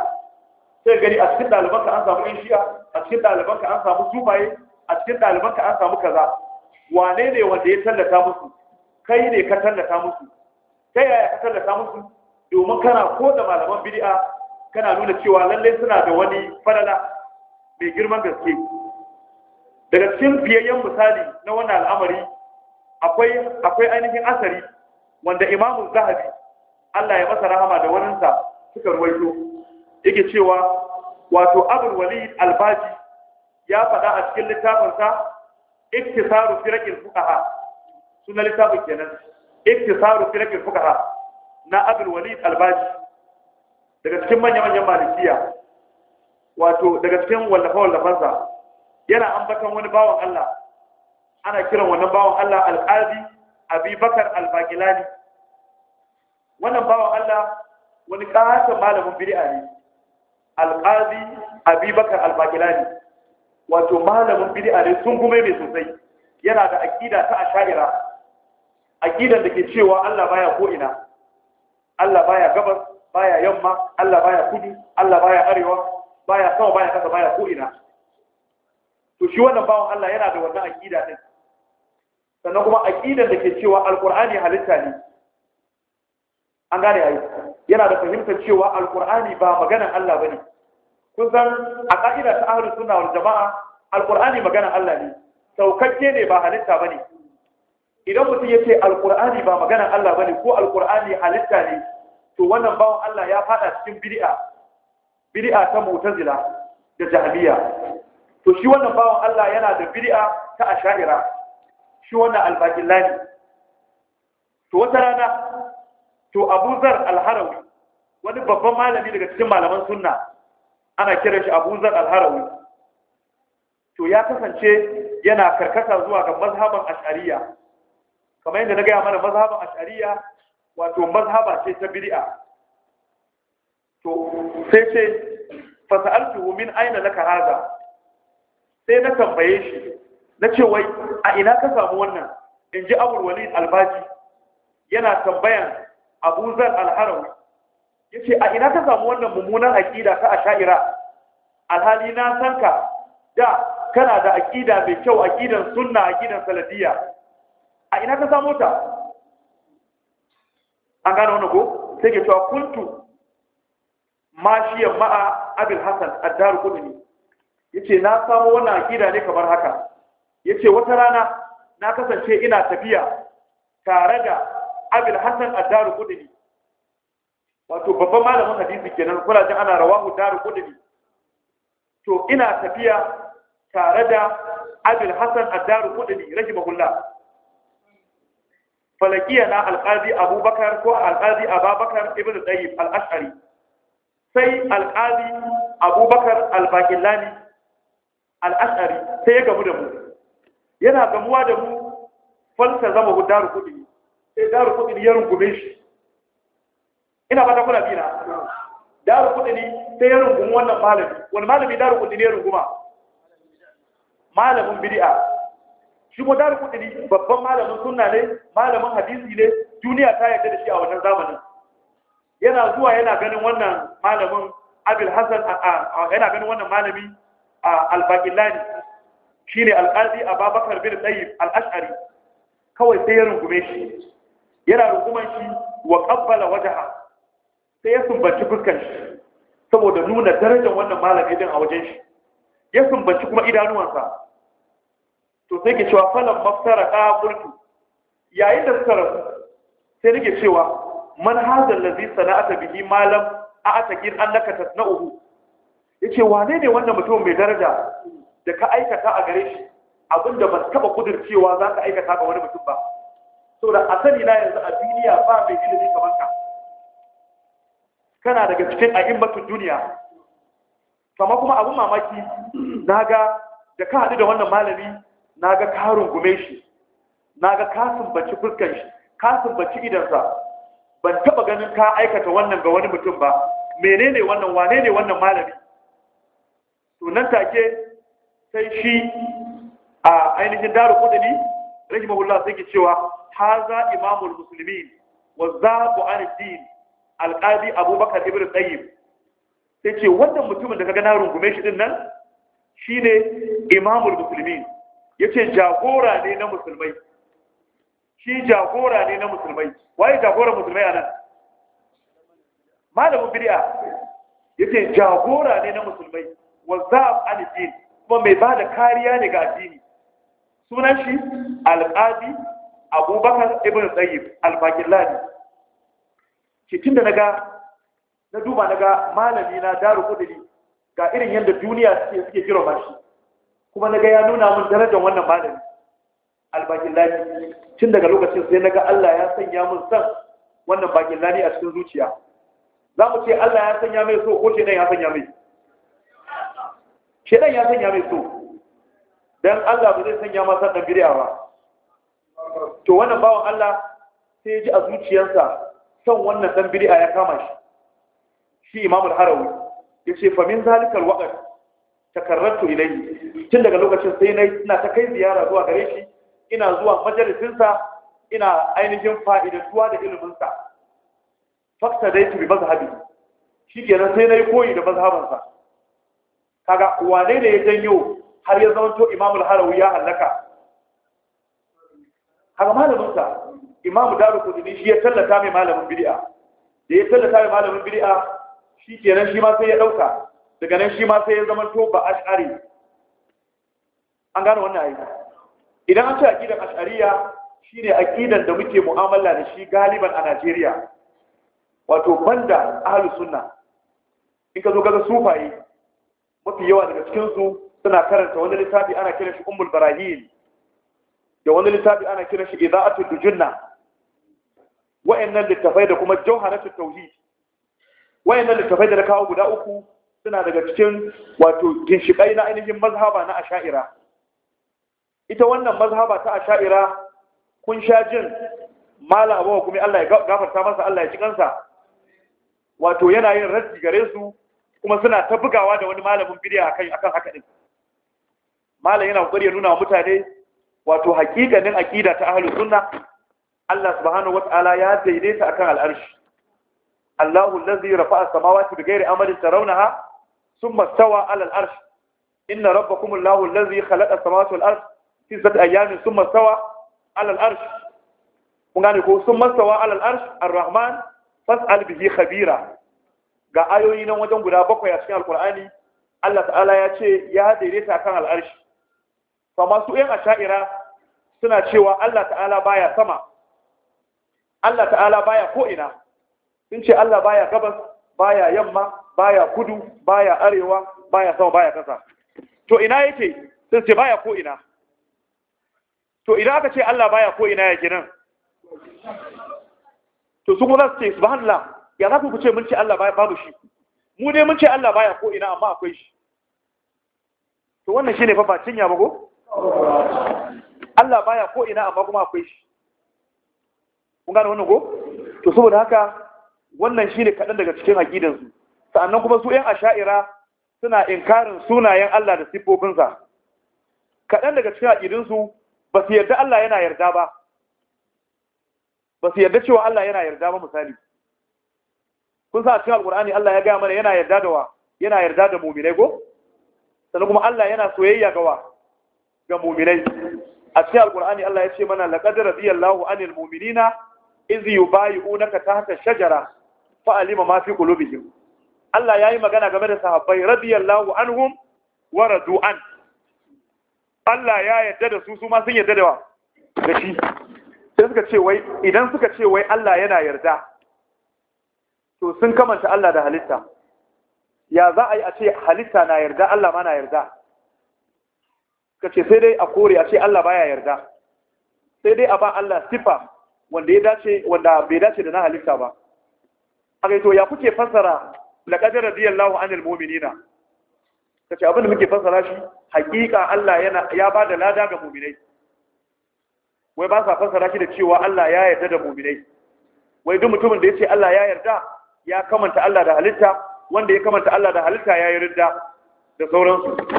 S2: sai gani a cikin ɗalibanka an samu 'yan shi'a a cikin ɗalibanka an samu sumaye a cikin ɗalibanka an samu kaza wane ne wanda ya tallata musu kai ne ka tallata musu ta yaya ka tallata musu domin kana ko da malaman bid'a kana nuna cewa lallai suna da wani falala mai girman gaske daga cikin fiyayyen misali na wannan al'amari akwai akwai ainihin asari wanda imamu zahabi Allah ya masa rahama da waninsa suka ruwaito yake cewa wato abul walid albaji ya faɗa a cikin littafinsa iktisaru firakil fuqaha sunan littafin kenan iktisaru firakil fuqaha na abul walid albaji daga cikin manya manyan malikiya wato daga cikin wallafa wallafansa yana ambaton wani bawan Allah ana kiran wannan bawan Allah alqadi abi bakar albaqilani wannan bawan Allah wani kasa malamin bid'a ne alqazi abubakar albakilani wato malamin bid'a ne sun gume mai sosai yana da aƙida ta asha'ira Aƙidan da ke cewa Allah baya ko'ina, Allah baya gabas baya yamma Allah baya kudu Allah baya arewa baya sama baya kasa baya ko to shi wannan bawon Allah yana da wannan aqida din sannan kuma aƙidan da ke cewa Alƙur'ani halitta ne an gane yayi yana da fahimtar cewa alqur'ani ba maganan Allah bane kun a ka'ida ta ahlus sunna wal jama'a alqur'ani maganar Allah ne saukakke ne ba halitta bane idan mutum yace alqur'ani ba maganan Allah bane ko alqur'ani halitta ne to wannan bawon Allah ya fada cikin bid'a bid'a ta mu'tazila da jahmiya to shi wannan bawon Allah yana da bid'a ta asha'ira shi wannan albaqillani to wata rana to Abu Zar al-Harawi wani babban malami daga cikin malaman sunna ana kiran shi Abu Zar al-Harawi to ya kasance yana karkata zuwa ga mazhaban ash'ariya kamar yadda na gaya mana mazhaban ash'ariya wato mazhaba ce ta bid'a to sai ce sa'altu min aina laka hada sai na tambaye shi na ce wai a ina ka samu wannan inji ji abul walid albaji yana tambayan abu zar alharawi ya ce a ina ka samu wannan mummunan aƙida ta asha'ira alhali na san ka da kana da aƙida mai kyau aƙidan sunna aƙidan saladiya a ina ka samu ta an gane wannan ko sai ke cewa kuntu mashiyan ma'a abil hasan addaru ne. ya ce na samu wannan aƙida ne kamar haka ya ce wata rana na kasance ina tafiya tare da abin hassan daru kudini wato babban malamin hadisi kenan kuna jin ana rawahu daru kudini to ina tafiya tare da abin hassan addaru kudini rahimahullah falakiya na alƙazi abubakar ko alƙazi ababakar ibn tsayyib al'ashari sai alƙazi abubakar al al'ashari sai ya gamu da mu yana gamuwa da mu falsa zama daru kudini daru kuɗi ni ya rungume shi ina fata kuna bi na daru kudin sai ya rungumi wannan malami wani malami daru kudin ya runguma malamin bid'a shi ko daru kudin babban malamin sunna ne malamin hadisi ne duniya ta yarda da shi a wannan zamanin yana zuwa yana ganin wannan malamin abil hasan yana ganin wannan malami a al shi ne al a ababakar bin tsayi al-ash'ari kawai sai ya rungume shi yana rukuman shi wa kabbala wajaha. sai ya sumbaci fuskar shi saboda nuna darajar wannan malami din a wajen shi ya sumbaci kuma idanuwansa to sai ke cewa falan mafsara ka furtu yayin da suka rasu sai nake cewa man lazi ladhi sana'ata bihi malam a atakin annaka tasna'uhu yace wane ne wannan mutum mai daraja da ka aikata a gare shi abinda ba taba kudircewa za ka aikata ga wani mutum ba so a sani na yanzu a duniya ba mai ilimi kamar ka kana daga cikin batun duniya kama kuma abin mamaki na ga da ka haɗu da wannan malami na ga ka rungume shi na ga ka sumbaci fuskan shi ka sumbaci idansa ban taɓa ganin ka aikata wannan ga wani mutum ba menene wannan wane ne wannan malami to nan take sai shi a ainihin daru kudini rahimahullah sai ke cewa haza imamul muslimin wa zabu an din alqadi abubakar ibn tayyib sai ce wannan mutumin da kaga na rungume shi din nan shine imamul muslimin yace jagora ne na musulmai shi jagora ne na musulmai waye jagoran musulmai anan malamin bid'a yace jagora ne na musulmai wa zab an din kuma mai bada kariya ne ga addini sunan shi alƙadi abubakar ibn tsayib alfakillani ce tun da naga na duba naga malami na daru kudiri ga irin yadda duniya suke suke jira mashi kuma naga ya nuna min darajar wannan malami alfakillani tun daga lokacin sai naga Allah ya sanya min san wannan bakillani a cikin zuciya za mu ce Allah ya sanya mai so ko nan ya sanya mai nan ya sanya mai so dan Allah ba zai sanya masa dan bid'a ba to wannan bawan Allah sai ya ji a zuciyarsa son wannan dan bid'a ya kama shi shi Imam al-Harawi yace fa min zalikal waqt takarratu ilayhi tun daga lokacin sai na ina ta kai ziyara zuwa gare shi ina zuwa majalisinsa ina ainihin fa'idatuwa da iliminsa fakta dai bi mazhabi kenan sai na yi koyi da mazhabansa kaga wane ne ya janyo har ya zama to imamul harawi ya hallaka haka malaminsa imamu daru kudini shi ya tallata mai malamin bid'a da ya tallata mai malamin bid'a shi kenan shi ma sai ya ɗauka daga nan shi ma sai ya zama to ba ash'ari an gano wannan ayi idan an ce aqidan ash'ariya shine aqidan da muke mu'amala da shi galiban a Najeriya wato banda ahlus sunna in ka zo kaga sufaye mafi yawa daga cikin su suna karanta wani littafi ana kiran shi umul barahim da wani littafi ana kiran shi ida'atul dujunna wayannan littafai da kuma jawharatu tauhid wayannan littafai da na kawo guda uku suna daga cikin wato ginshikai na ainihin mazhaba na asha'ira ita wannan mazhaba ta asha'ira kun sha jin mala kuma Allah ya gafarta masa Allah ya ci kansa wato yana yin raddi gare su kuma suna ta bugawa da wani malamin bidiya akan akan haka din malam yana kokari ya nuna mutane wato hakikanin akida ta ahlus sunna Allah subhanahu wataala ya daidaita akan al'arshi Allahu allazi rafa'a samawati bighairi amalin tarawnaha thumma stawa 'ala al'arsh inna rabbakum Allahu allazi khalaqa samawati wal ardh fi sittati ayamin thumma stawa 'ala al'arsh kun gane ko thumma stawa 'ala al'arsh ar-rahman fas'al bihi khabira ga ayoyi nan wajen guda bakwai a cikin alkur'ani Allah ta'ala ya ce ya daidaita kan al'arshi fa masu yan asha'ira suna cewa Allah ta'ala baya sama Allah ta'ala baya ko ina sun ce Allah baya gabas baya yamma baya kudu baya arewa baya sama baya kasa to ina yake sun ce baya ko ina to idan aka ce Allah baya ko ina yake nan to su kuma su ce subhanallah ya za ku ce mun ce Allah baya babu shi mu dai mun ce Allah baya ko ina amma akwai shi to wannan shine fa ba cinya ba ko Allah baya ko ina amma kuma akwai shi kun gane wannan ko to saboda haka wannan shine kaɗan daga cikin aqidan su sa'annan kuma su 'yan asha'ira suna inkarin sunayen Allah da siffofinsa kaɗan daga cikin aƙidin su ba su yarda Allah yana yarda ba ba su yarda cewa Allah yana yarda ba misali kun sa a cikin alkur'ani Allah ya gaya mana yana yarda da wa yana yarda da mu'minai ko sannan kuma Allah yana soyayya ga wa ga mu'minai a cikin alkur'ani Allah ya ce mana laqad radiyallahu anil mu'minina iz yubayi'unaka tahta shajara fa alima ma fi qulubihim Allah yayi magana game da sahabbai radiyallahu anhum wa radu an Allah ya yadda da su su ma sun yadda da wa da shi sai suka ce wai idan suka ce wai Allah yana yarda to sun kamanta Allah da halitta ya za a yi a ce halitta na yarda Allah ma na yarda ka ce sai dai a kore a ce Allah baya yarda sai dai a ba Allah sifa wanda ya dace wanda bai dace da na halitta ba akai to ya kuke fassara laqad radiyallahu anil mu'minina kace abin da muke fassara shi hakika Allah yana ya bada lada ga mu'minai wai ba sa fassara shi da cewa Allah ya yarda da mu'minai wai duk mutumin da yace Allah ya yarda ya kamanta Allah da halitta wanda ya kamanta Allah da halitta ya yarda da sauransu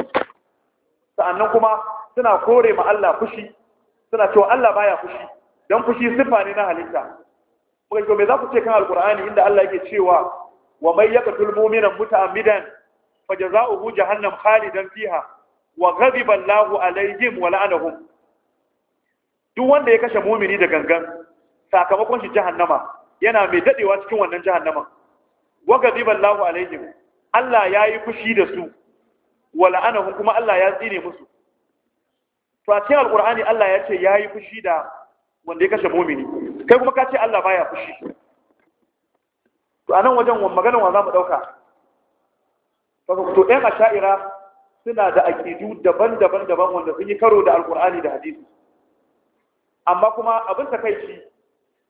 S2: sa'annan kuma suna kore ma Allah fushi suna cewa Allah baya fushi dan fushi sifa ne na halitta muka ce me za ku ce kan alqur'ani inda Allah yake cewa wa may yaqtul mu'mina muta'ammidan fajaza'uhu jahannam khalidan fiha wa ghadiba Allahu alaihim wa la'anahum duk wanda ya kashe mumini da gangan sakamakon shi jahannama yana mai dadewa cikin wannan jahannama wa ghadiba Allahu alaihim Allah yayi fushi da su wa la'anahum kuma Allah ya tsine musu to a cikin alqur'ani Allah ya ce yayi fushi da wanda ya kashe mu'mini kai kuma ka ce Allah baya fushi to anan wajen maganar wa zamu dauka saka to ɗan asha'ira suna da aqidu daban-daban daban wanda sun yi karo da alqur'ani da hadisi amma kuma abin shi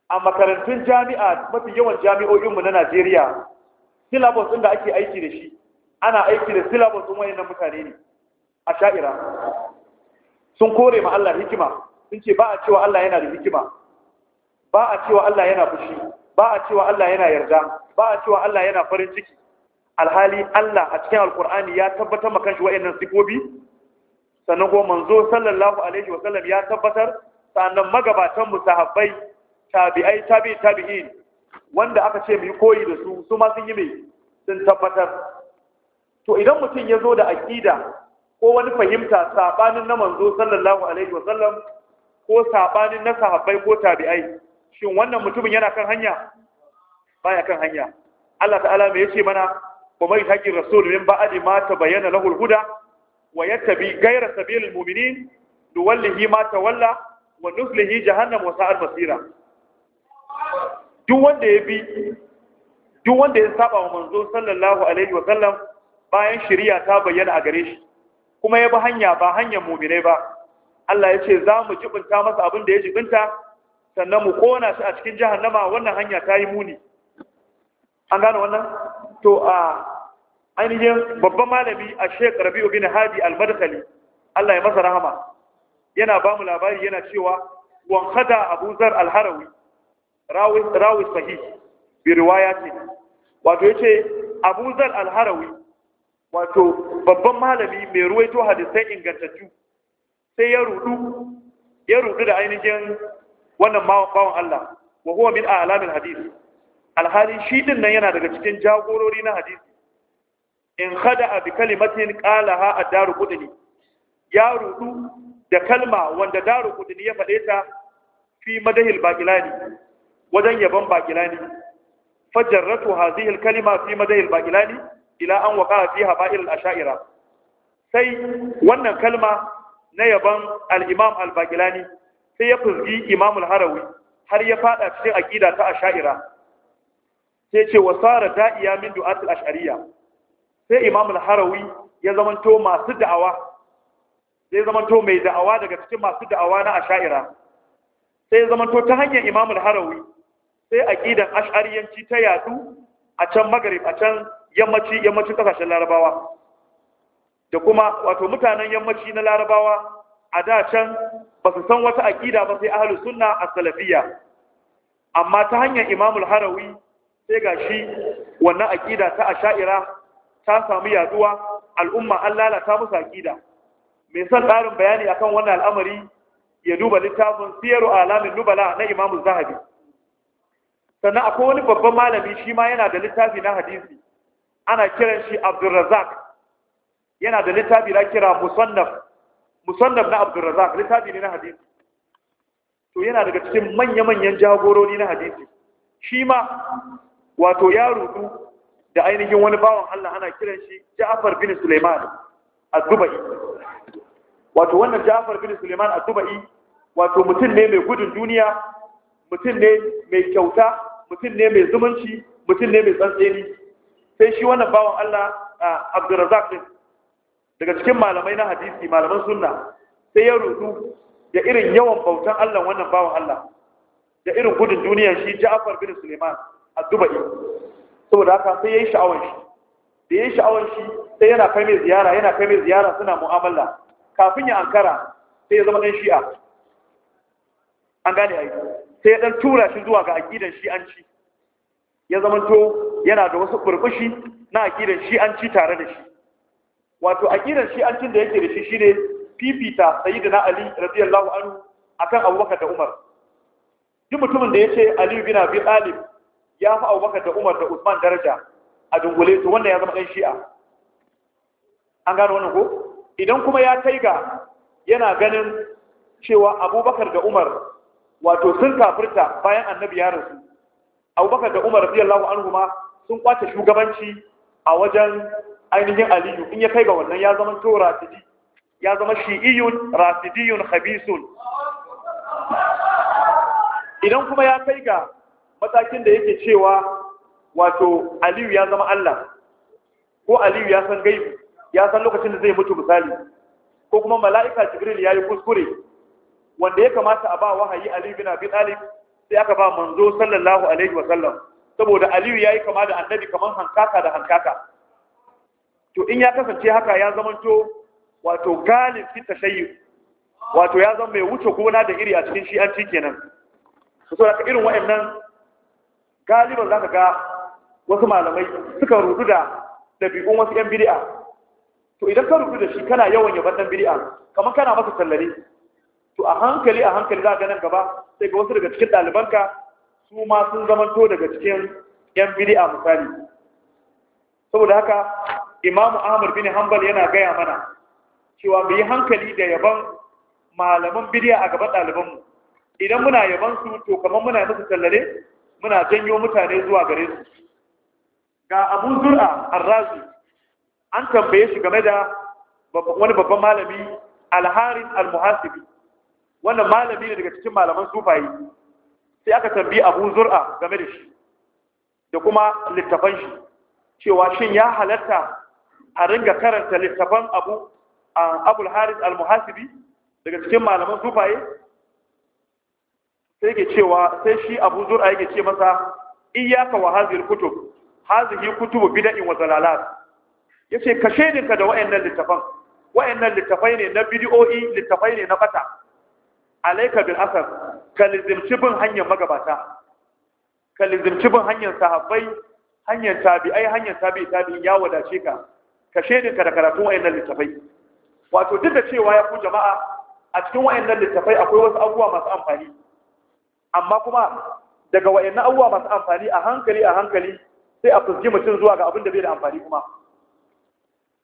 S2: a makarantun jami'a mafi yawan jami'o'inmu na Najeriya syllabus ɗin da ake aiki da shi ana aiki da silabus din wayannan mutane ne a sha'ira sun kore ma Allah hikima sun ce ba a cewa Allah yana da hikima ba a cewa Allah yana fushi ba a cewa Allah yana yarda ba a cewa Allah yana farin ciki alhali Allah a cikin alkur'ani ya tabbatar maka shi wayannan sifobi. sannan kuma manzo sallallahu alaihi wasallam ya tabbatar sannan magabatan musahabbai tabi'ai tabi'i tabi'in wanda aka ce mu koyi da su su ma sun yi mai sun tabbatar to idan mutum ya zo da aƙida ko wani fahimta saɓanin na manzo sallallahu alaihi wasallam ko saɓanin na sahabbai ko tabi'ai shin wannan mutumin yana kan hanya baya kan hanya Allah ta'ala me yace mana wa mai taqi rasul min ba'adi ma tabayyana lahu al-huda wa yattabi ghayra al mu'minin duwallihi ma tawalla wa nuslihi jahannam wa sa'at masira duk wanda ya bi duk wanda ya saba wa manzo sallallahu alaihi wa sallam bayan shari'a ta bayyana a gare shi kuma ya bi hanya ba hanyar muminai ba Allah ya ce za mu jibinta masa abin da ya jibinta sannan mu kona shi a cikin jahannama wannan hanya ta yi muni an gane wannan to a ainihin babban malami a shek rabi'u bin hadi al-madkhali Allah ya masa rahama yana ba mu labari yana cewa wan hada abu zar al-harawi rawi rawi sahih bi riwayati wato yace abu zar al-harawi wato babban malami mai ruwaito hadisai ingantattu sai ya
S1: rudu
S2: ya rudu da ainihin wannan bawan Allah wa huwa min a'lamil hadisi alhali shi din nan yana daga cikin jagorori na hadisi in khada bi kalimatin qalaha ad-daru qudni ya rudu da kalma wanda daru qudni ya fade ta fi madahil bagilani wajen yaban bagilani fajarratu hadhihi al-kalima fi madahil bagilani ila an waqa fi haba'il ash'ira sai wannan kalma na yaban al-imam al al-bagilani sai ya fuzgi imam al-harawi har ya fada cikin aqida ta asha’ira sai ce wasara da'iya min du'at al-ash'ariyya sai imam al-harawi ya zamanto masu da'awa sai zamanto mai da'awa daga cikin masu da'awa na asha’ira sai zamanto ta hanyar imam al-harawi sai aqidan ash'ariyanci ta yadu a can maghrib a can yammaci yammacin kasashen larabawa da kuma wato mutanen yammaci na larabawa a da can ba su san wata aƙida ba sai ahlus sunna as-salafiyya amma ta hanyar imamul harawi sai ga shi wannan aƙida ta asha'ira ta samu yaduwa al'umma an lalata musu aƙida mai son tsarin bayani akan wannan al'amari ya duba littafin siyaru alamin nubala na imamu zahabi sannan akwai wani babban malami shi ma yana da littafi na hadisi ana kiran shi abdurrazak yana da littafi na kira musannaf musannaf na abdurrazak littafi ne na hadisi to yana daga cikin manya-manyan jagorori na hadisi shi ma wato ya rudu da ainihin wani bawan Allah ana kiran shi Ja'far bin Sulaiman az Duba'i. wato wannan Ja'far bin Sulaiman az Duba'i wato mutum ne mai gudun duniya mutum ne mai kyauta mutum ne mai zumunci mutum ne mai tsantseni sai shi wannan bawan Allah Abdurrazzaq din daga cikin malamai na hadisi malaman sunna sai ya rudu da irin yawan bautan Allah wannan bawan Allah da irin gudun duniyar shi Ja'far bin Suleiman a Dubai saboda haka sai yayi sha'awar shi da yayi sha'awar shi sai yana kai mai ziyara yana kai mai ziyara suna mu'amala kafin ya ankara sai ya zama dan shi'a an gane ai sai ya dan tura shi zuwa ga aqidan shi'anci ya zamanto yana da wasu burbushi na akidar shi'anci tare da shi wato aƙidar shi'ancin da yake da shi shine fifita sayyidina ali radiyallahu anhu akan abubakar da umar duk mutumin da ya ce aliyu bin abi talib ya fi abubakar da umar da usman daraja a dungule to wannan ya zama ɗan shi'a an gano wannan ko idan kuma ya kai ga yana ganin cewa abubakar da umar wato sun kafirta bayan annabi ya rasu abubakar da umar radiyallahu anhu ma sun kwace shugabanci a wajen ainihin aliyu in ya kai ga wannan ya zama to rasidi ya zama shi'iyun rasidiyun khabisun idan kuma ya kai ga matakin da yake cewa wato aliyu ya zama allah ko aliyu ya san gaibi ya san lokacin da zai mutu misali ko kuma mala'ika jibril ya yi kuskure wanda ya kamata a ba wahayi aliyu bin abi talib sai aka ba manzo sallallahu alaihi wa sallam saboda aliyu ya yi kama da annabi kamar hankaka da hankaka to in ya kasance haka ya zamanto wato galib fi tashayyu wato ya zama mai wuce gona da iri a cikin shi shi'anci kenan nan so daga irin wa'annan galiban zaka ga wasu malamai suka rudu da ɗabi'un wasu 'yan biri'a to idan ka rudu da shi kana yawan yaban ɗan biri'a kamar kana masa tallali? to a hankali a hankali za ka nan gaba sai ga wasu daga cikin ɗalibanka su ma sun zamanto daga cikin yan bidi'a misali saboda haka imamu ahmad bin hanbal yana gaya mana cewa mu yi hankali da yaban malaman bid'a a gaban ɗalibanmu idan muna yaban su to kamar muna musu tallare muna janyo mutane zuwa gare su ga abu zur'a arrazi an tambaye shi game da wani babban malami alharin almuhasibi wannan malami ne daga cikin malaman sufayi sai aka tambi abu zur'a game da shi da kuma littafan shi cewa shin ya halatta a ringa karanta littafan abu abul haris al-muhasibi daga cikin malaman sufaye sai ke cewa sai shi abu zur'a yake ce masa iyaka wa hazir kutub hazihi kutubu bid'in wa zalalat yace ka shedinka da wayannan littafan wayannan littafai ne na bid'o'i littafai ne na fata. alaika bil asar kalizimci bin hanyar magabata kalizimci bin hanyar sahabbai hanyar tabi'ai hanyar tabi'i tabi'i ya wadace ka ka ka da karatun wayannan littafai wato duk da cewa ya ku jama'a a cikin wayannan littafai akwai wasu abubuwa masu amfani amma kuma daga wayannan abubuwa masu amfani a hankali a hankali sai a fuski mutum zuwa ga abin da bai da amfani kuma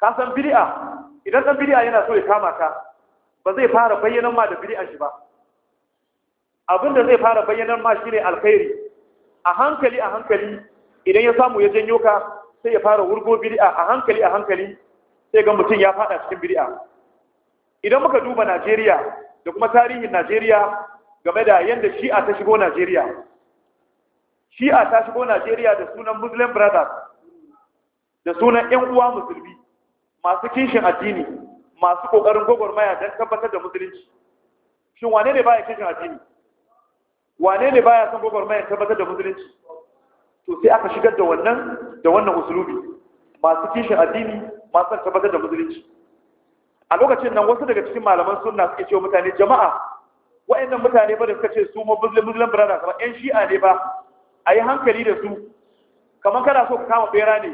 S2: ka san bid'a idan dan bid'a yana so ya kama ka ba zai fara bayyana ma da biri'an shi ba abin da zai fara bayyanar ma shi ne alkhairi a hankali a hankali idan ya samu ya janyo ka sai ya fara wurgo bid'a a hankali a hankali sai ga mutum ya fada cikin bid'a idan muka duba Najeriya da kuma tarihin Najeriya game da yanda Shi'a ta shigo Najeriya Shi'a ta shigo Najeriya da sunan Muslim Brothers da sunan ƴan uwa musulmi masu kishin addini masu kokarin gwagwarmaya don tabbatar da musulunci shin wane ne baya kishin addini wane ne baya son gwagwarmayar tabbatar da musulunci to sai aka shigar da wannan da wannan usulubi masu kishin addini masu tabbatar da musulunci a lokacin nan wasu daga cikin malaman sunna suke cewa mutane jama'a wa'annan mutane ba da suka ce su ma muslim muslim brothers ba yan shi'a ne ba a yi hankali da su kamar kana so ka kama bera ne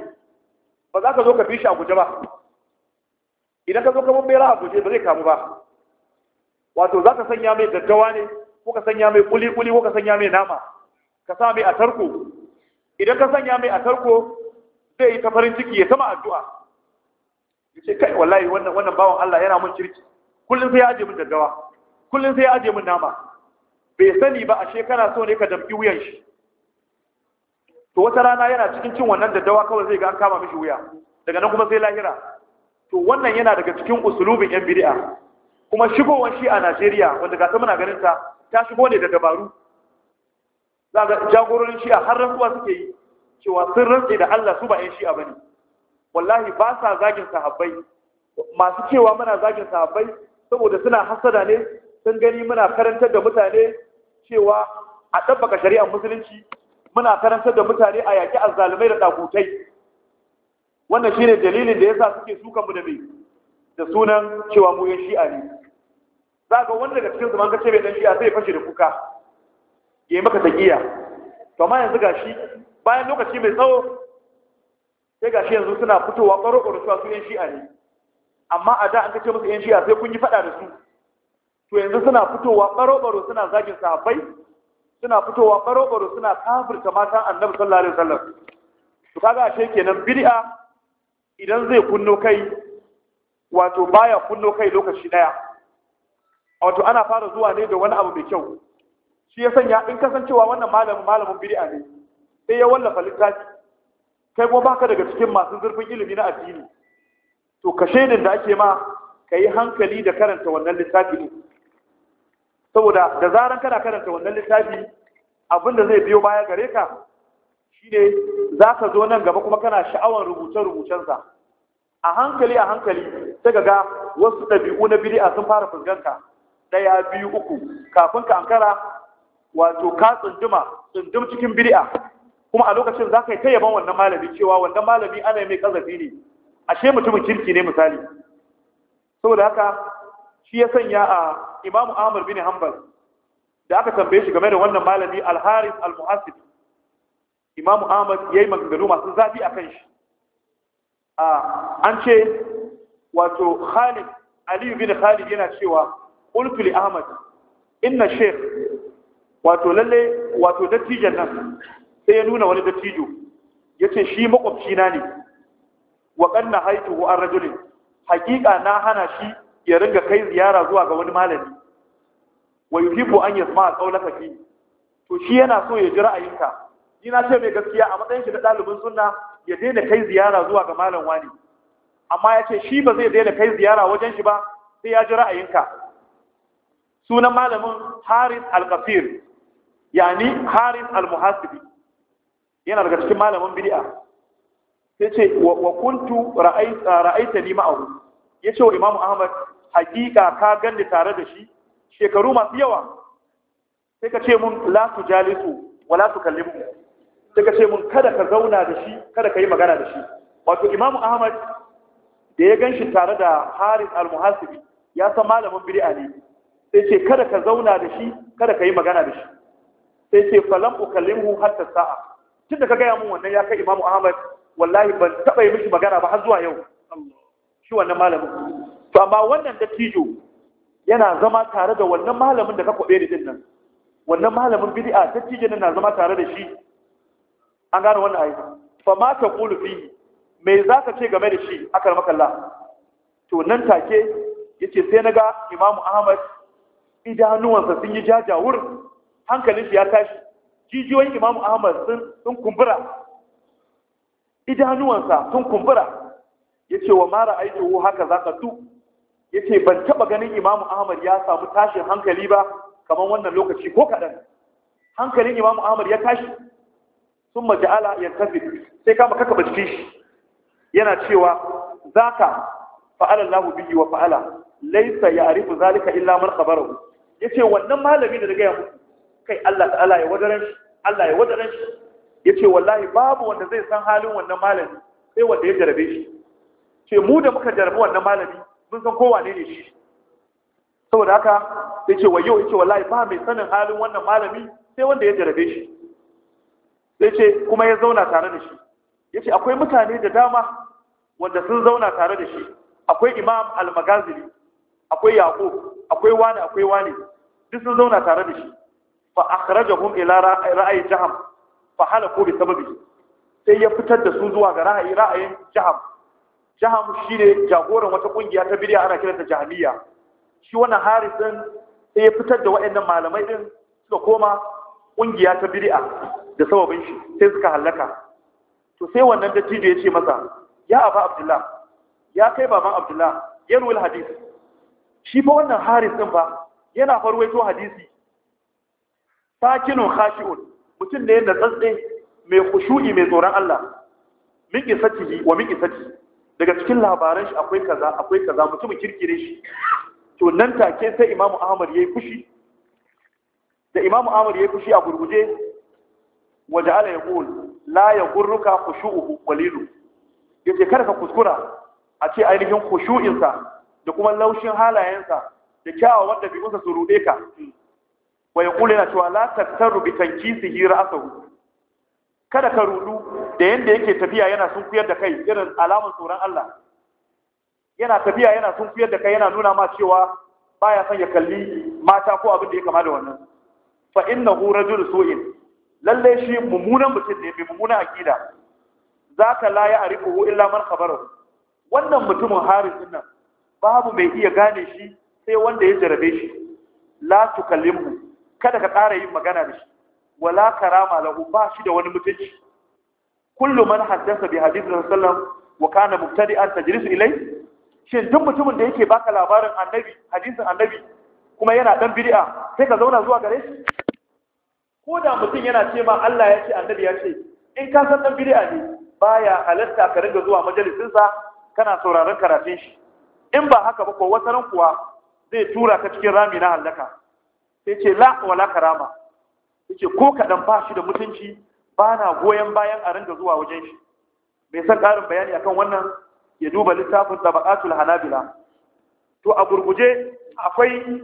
S2: ba za ka zo ka fi a guje ba idan ka zo ka bera a guje ba zai kamu ba wato za ka sanya mai daddawa ne ko ka sanya mai kuli kuli ko ka sanya mai nama ka sa mai a tarko idan ka sanya mai a tarko zai yi ta farin ciki ya sama addu'a ce kai wallahi wannan wannan bawan Allah yana mun kirki kullum sai ya aje min daddawa kullum sai ya aje min nama bai sani ba a shekara so ne ka damki wuyan shi to wata rana yana cikin cin wannan daddawa kawai zai ga an kama mishi wuya daga nan kuma sai lahira to wannan yana daga cikin usulubin yan bid'a kuma shigowar shi a Najeriya wanda ga muna ganin ta ta shigo ne da dabaru za ga jagororin shi'a har rantsuwa suke yi cewa sun rantse da Allah su ba 'yan a bane wallahi ba sa zagin sahabbai masu cewa muna zagin sahabbai saboda suna hasada ne sun gani muna karantar da mutane cewa a ɗabbaka shari'ar musulunci muna karantar da mutane a yaƙi azzalumai da ɗakutai wannan shine dalilin da ya sa suke suka mu da mai da sunan cewa mu shi a ne za ga wanda daga cikin zaman kace mai dan shi'a zai fashe da kuka ya yi maka taqiya to amma yanzu gashi bayan lokaci mai tsawo sai gashi yanzu suna fitowa ƙwaro-ƙwaro cewa su yan shi'a ne amma a da an kace musu yan shi'a sai kun yi faɗa da su to yanzu suna fitowa ɓaro-ɓaro suna zagin sahabbai suna fitowa ɓaro-ɓaro suna kafirta matan annabi sallallahu alaihi wasallam to kaga ashe kenan bid'a idan zai kunno kai wato baya kunno kai lokaci daya wato ana fara zuwa ne da wani abu mai kyau shi ya sanya in kasancewa wannan malamin malamin bid'a ne sai ya wallafa littafi kai kuma baka daga cikin masu zurfin ilimi na addini to ka shaidin da ake ma ka yi hankali da karanta wannan littafi ne saboda da zaran kana karanta wannan littafi abin da zai biyo baya gare ka shine za ka zo nan gaba kuma kana sha'awar rubuce-rubucensa a hankali a hankali sai ga wasu ɗabi'u na bid'a sun fara fuskanta ɗaya biyu uku kafin ka ankara wato ka tsunduma tsundum cikin bid'a kuma a lokacin za ka yi ta yaban wannan malami cewa wannan malami ana mai kazafi ne ashe mutumin kirki ne misali saboda haka shi ya sanya a imamu Ahmad bin hanbal da aka tambaye shi game da wannan malami al-haris al-muhassib imamu ahmad ya yi maganganu masu zafi akan kan shi an ce wato khalid aliyu bin khalid yana cewa qultu ahmad inna sheikh wato lalle wato dattijan nan sai ya nuna wani dattijo Ya ce shi makwabci na ne wa na haitu an rajulin hakika na hana shi ya ringa kai ziyara zuwa ga wani malami wa yuhibbu an yasma'a qawlaka fi to shi yana so ya ji ra'ayinka ni na ce mai gaskiya a matsayin shi na dalibin sunna ya daina kai ziyara zuwa ga malam wani amma ya ce shi ba zai daina kai ziyara wajen shi ba sai ya ji ra'ayinka sunan malamin haris al-qasir yani haris al-muhasibi yana daga cikin malamin bid'a sai ce wa kuntu ra'aita ni ma'ahu ce wa imamu ahmad hakika ka ganni tare da shi shekaru masu yawa sai ka ce mun la jalisu wa la mu sai ka ce mun kada ka zauna da shi kada ka yi magana da shi wato imamu ahmad da ya ganshi tare da haris al-muhasibi ya san malamin bid'a ne sai ce kada ka zauna da shi kada ka yi magana da shi sai ce falam ukallimhu hatta sa'a tun da ka gaya mun wannan ya kai imamu ahmad wallahi ban taba yi mishi magana ba har zuwa yau shi wannan malamin to amma wannan dattijo yana zama tare da wannan malamin da ka kwabe da din nan wannan malamin bid'a dattijo na zama tare da shi an gane wannan ayi fa ma ta qulu fi me zaka ce game da shi akal makalla to nan take yace sai naga imamu ahmad idanuwansa sun yi jajawur hankalin shi ya tashi jijiyoyin imamu ahmad sun kumbura idanuwansa sun kumbura ya ce wa mara aikihu haka za ka tu ya ce ban taɓa ganin imamu ahmad ya samu tashin hankali ba kamar wannan lokaci ko kaɗan hankalin imamu ahmad ya tashi sun maja'ala ya tafi sai kama kaka bacci shi yana cewa za ka fa'ala lahu biyu wa fa'ala laisa ya arifu zalika illa man khabarahu ya ce wannan malami da daga yamu kai Allah ta'ala ya wadaran shi Allah ya wadaran shi ya ce wallahi babu wanda zai san halin wannan malami sai wanda ya jarabe shi ce mu da muka jarabi wannan malami mun san kowa ne ne shi saboda haka ya ce wayo ya ce wallahi ba mai sanin halin wannan malami sai wanda ya jarabe shi sai ce kuma ya zauna tare da shi ya ce akwai mutane da dama wanda sun zauna tare da shi akwai imam al-magazili akwai yaƙo akwai wani akwai wani duk sun zauna tare da shi fa akhrajahum ila ra'ay jaham fa halaku bi sababi sai ya fitar da su zuwa ga ra'ayi ra'ayin jaham jaham shine jagoran wata kungiya ta bidiya ana kiranta jahiliya shi wannan haris sai ya fitar da wa'annan malamai din suka koma kungiya ta bidiya da sababin shi sai suka halaka to sai wannan dattijo ya ce masa ya aba abdullah ya kai baban abdullah yarwul hadith shi fa wannan haris din ba yana farwaito hadisi sakinun khashi'un mutum ne da tsatse mai khushu'i mai tsoron Allah min isatihi wa min isatihi daga cikin labaran shi akwai kaza akwai kaza mutumin kirkire shi to nan take sai Imam Ahmad yayi fushi da Imam Ahmad yayi fushi a gurguje ya yaqul la yaghurruka khushu'uhu walilu yace karka ka kuskura a ce ainihin khushu'insa da kuma laushin halayensa da wanda bi su ruɗe ka wa yaqulu yana cewa la tattaru bi tankisihi ra'sahu kada ka rudu da yanda yake tafiya yana sunkuyar da kai irin alamun tsoron Allah yana tafiya yana sunkuyar da kai yana nuna ma cewa baya son ya kalli mata ko abin da ya kama da wannan fa innahu rajul su'in lalle shi mummunan mutum ne mai mummunan akida zaka la ya illa man khabarahu wannan mutumin haris din nan babu mai iya gane shi sai wanda ya jarabe shi la tukallimhu kada ka ƙara yin magana da shi wala karama lahu ba shi da wani mutunci kullu man haddasa bi hadith sallallahu wa kana mubtadi'an tajlisu ilai shin duk mutumin da yake baka labarin annabi hadisin annabi kuma yana dan bid'a sai ka zauna zuwa gare shi ko da mutum yana ce Allah ya ce annabi ya ce in ka san dan bid'a ne baya halatta ka riga zuwa majalisinsa kana sauraron karatun shi in ba haka ba ko wata kuwa zai tura ka cikin rami na hallaka sai ce la wala karama yace ko kadan ba shi da mutunci ba na goyon bayan a ringa zuwa wajen shi bai san karin bayani akan wannan ya duba littafin tabaqatul hanabila to a gurguje akwai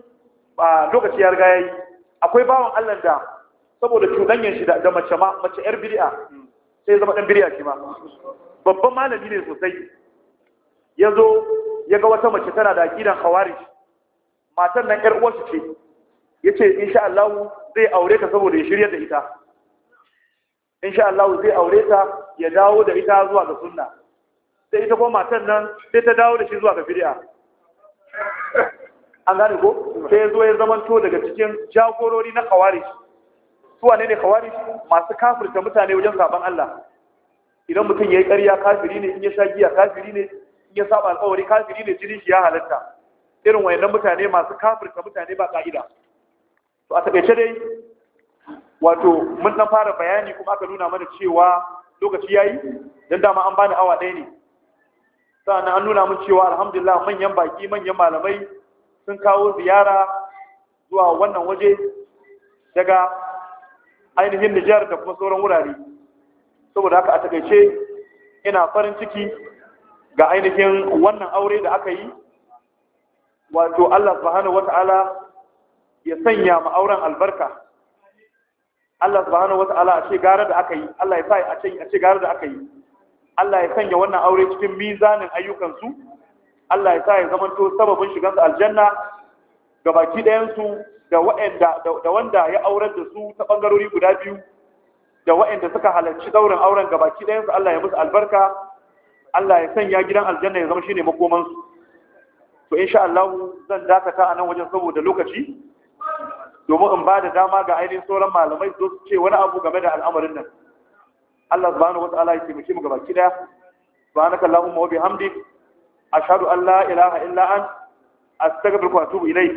S2: lokaci ya riga yayi akwai bawan Allah da saboda cudanyen shi da mace ma mace yar bid'a sai zama dan bid'a shi ma babban malami ne sosai yazo ya ga wata mace tana da akidan khawarij matan nan ƴar uwarsu ce yace insha Allah zai aure ta saboda ya shirya da ita insha Allah zai aure ta ya dawo da ita zuwa ga sunna sai ita kuma matan nan sai ta dawo da shi zuwa ga bid'a an gane ko sai zo ya to daga cikin jagorori na khawarij su wane ne khawarij masu kafirta mutane wajen zaben Allah idan mutum yayi ƙarya kafiri ne in ya sha giya kafiri ne in ya saba alƙawari kafiri ne jinin shi ya halatta irin wayannan mutane masu kafirka mutane ba ka'ida to a takaice dai wato mun ɗan fara bayani kuma aka nuna mana cewa lokaci yayi don dama an bani awa ɗaya ne sannan an nuna mun cewa alhamdulillah manyan baki manyan malamai sun kawo ziyara zuwa wannan waje daga ainihin Nijar da kuma sauran wurare saboda haka a taƙaice ina farin ciki ga ainihin wannan aure da aka yi wato Allah subhanahu wata'ala ya sanya ma auren albarka Allah subhanahu wata'ala a ce gara da aka yi Allah ya sa a ce gara da aka yi Allah ya sanya wannan aure cikin mizanin ayyukansu Allah ya sa ya zamanto sababin su aljanna ga baki su da waɗanda da wanda ya aurar da su ta ɓangarori guda biyu da waɗanda suka halarci daurin auren ga baki su. Allah ya musu albarka Allah ya sanya gidan aljanna ya zama shine makomansu to insha Allah zan dakata a nan wajen saboda lokaci domin in ba da dama ga ainihin sauran malamai su ce wani abu game da al'amarin nan Allah subhanahu wata'ala ya taimake mu gabaki daya subhanaka allahumma wa bihamdik ashhadu an la ilaha illa an astaghfiruka wa atubu ilayk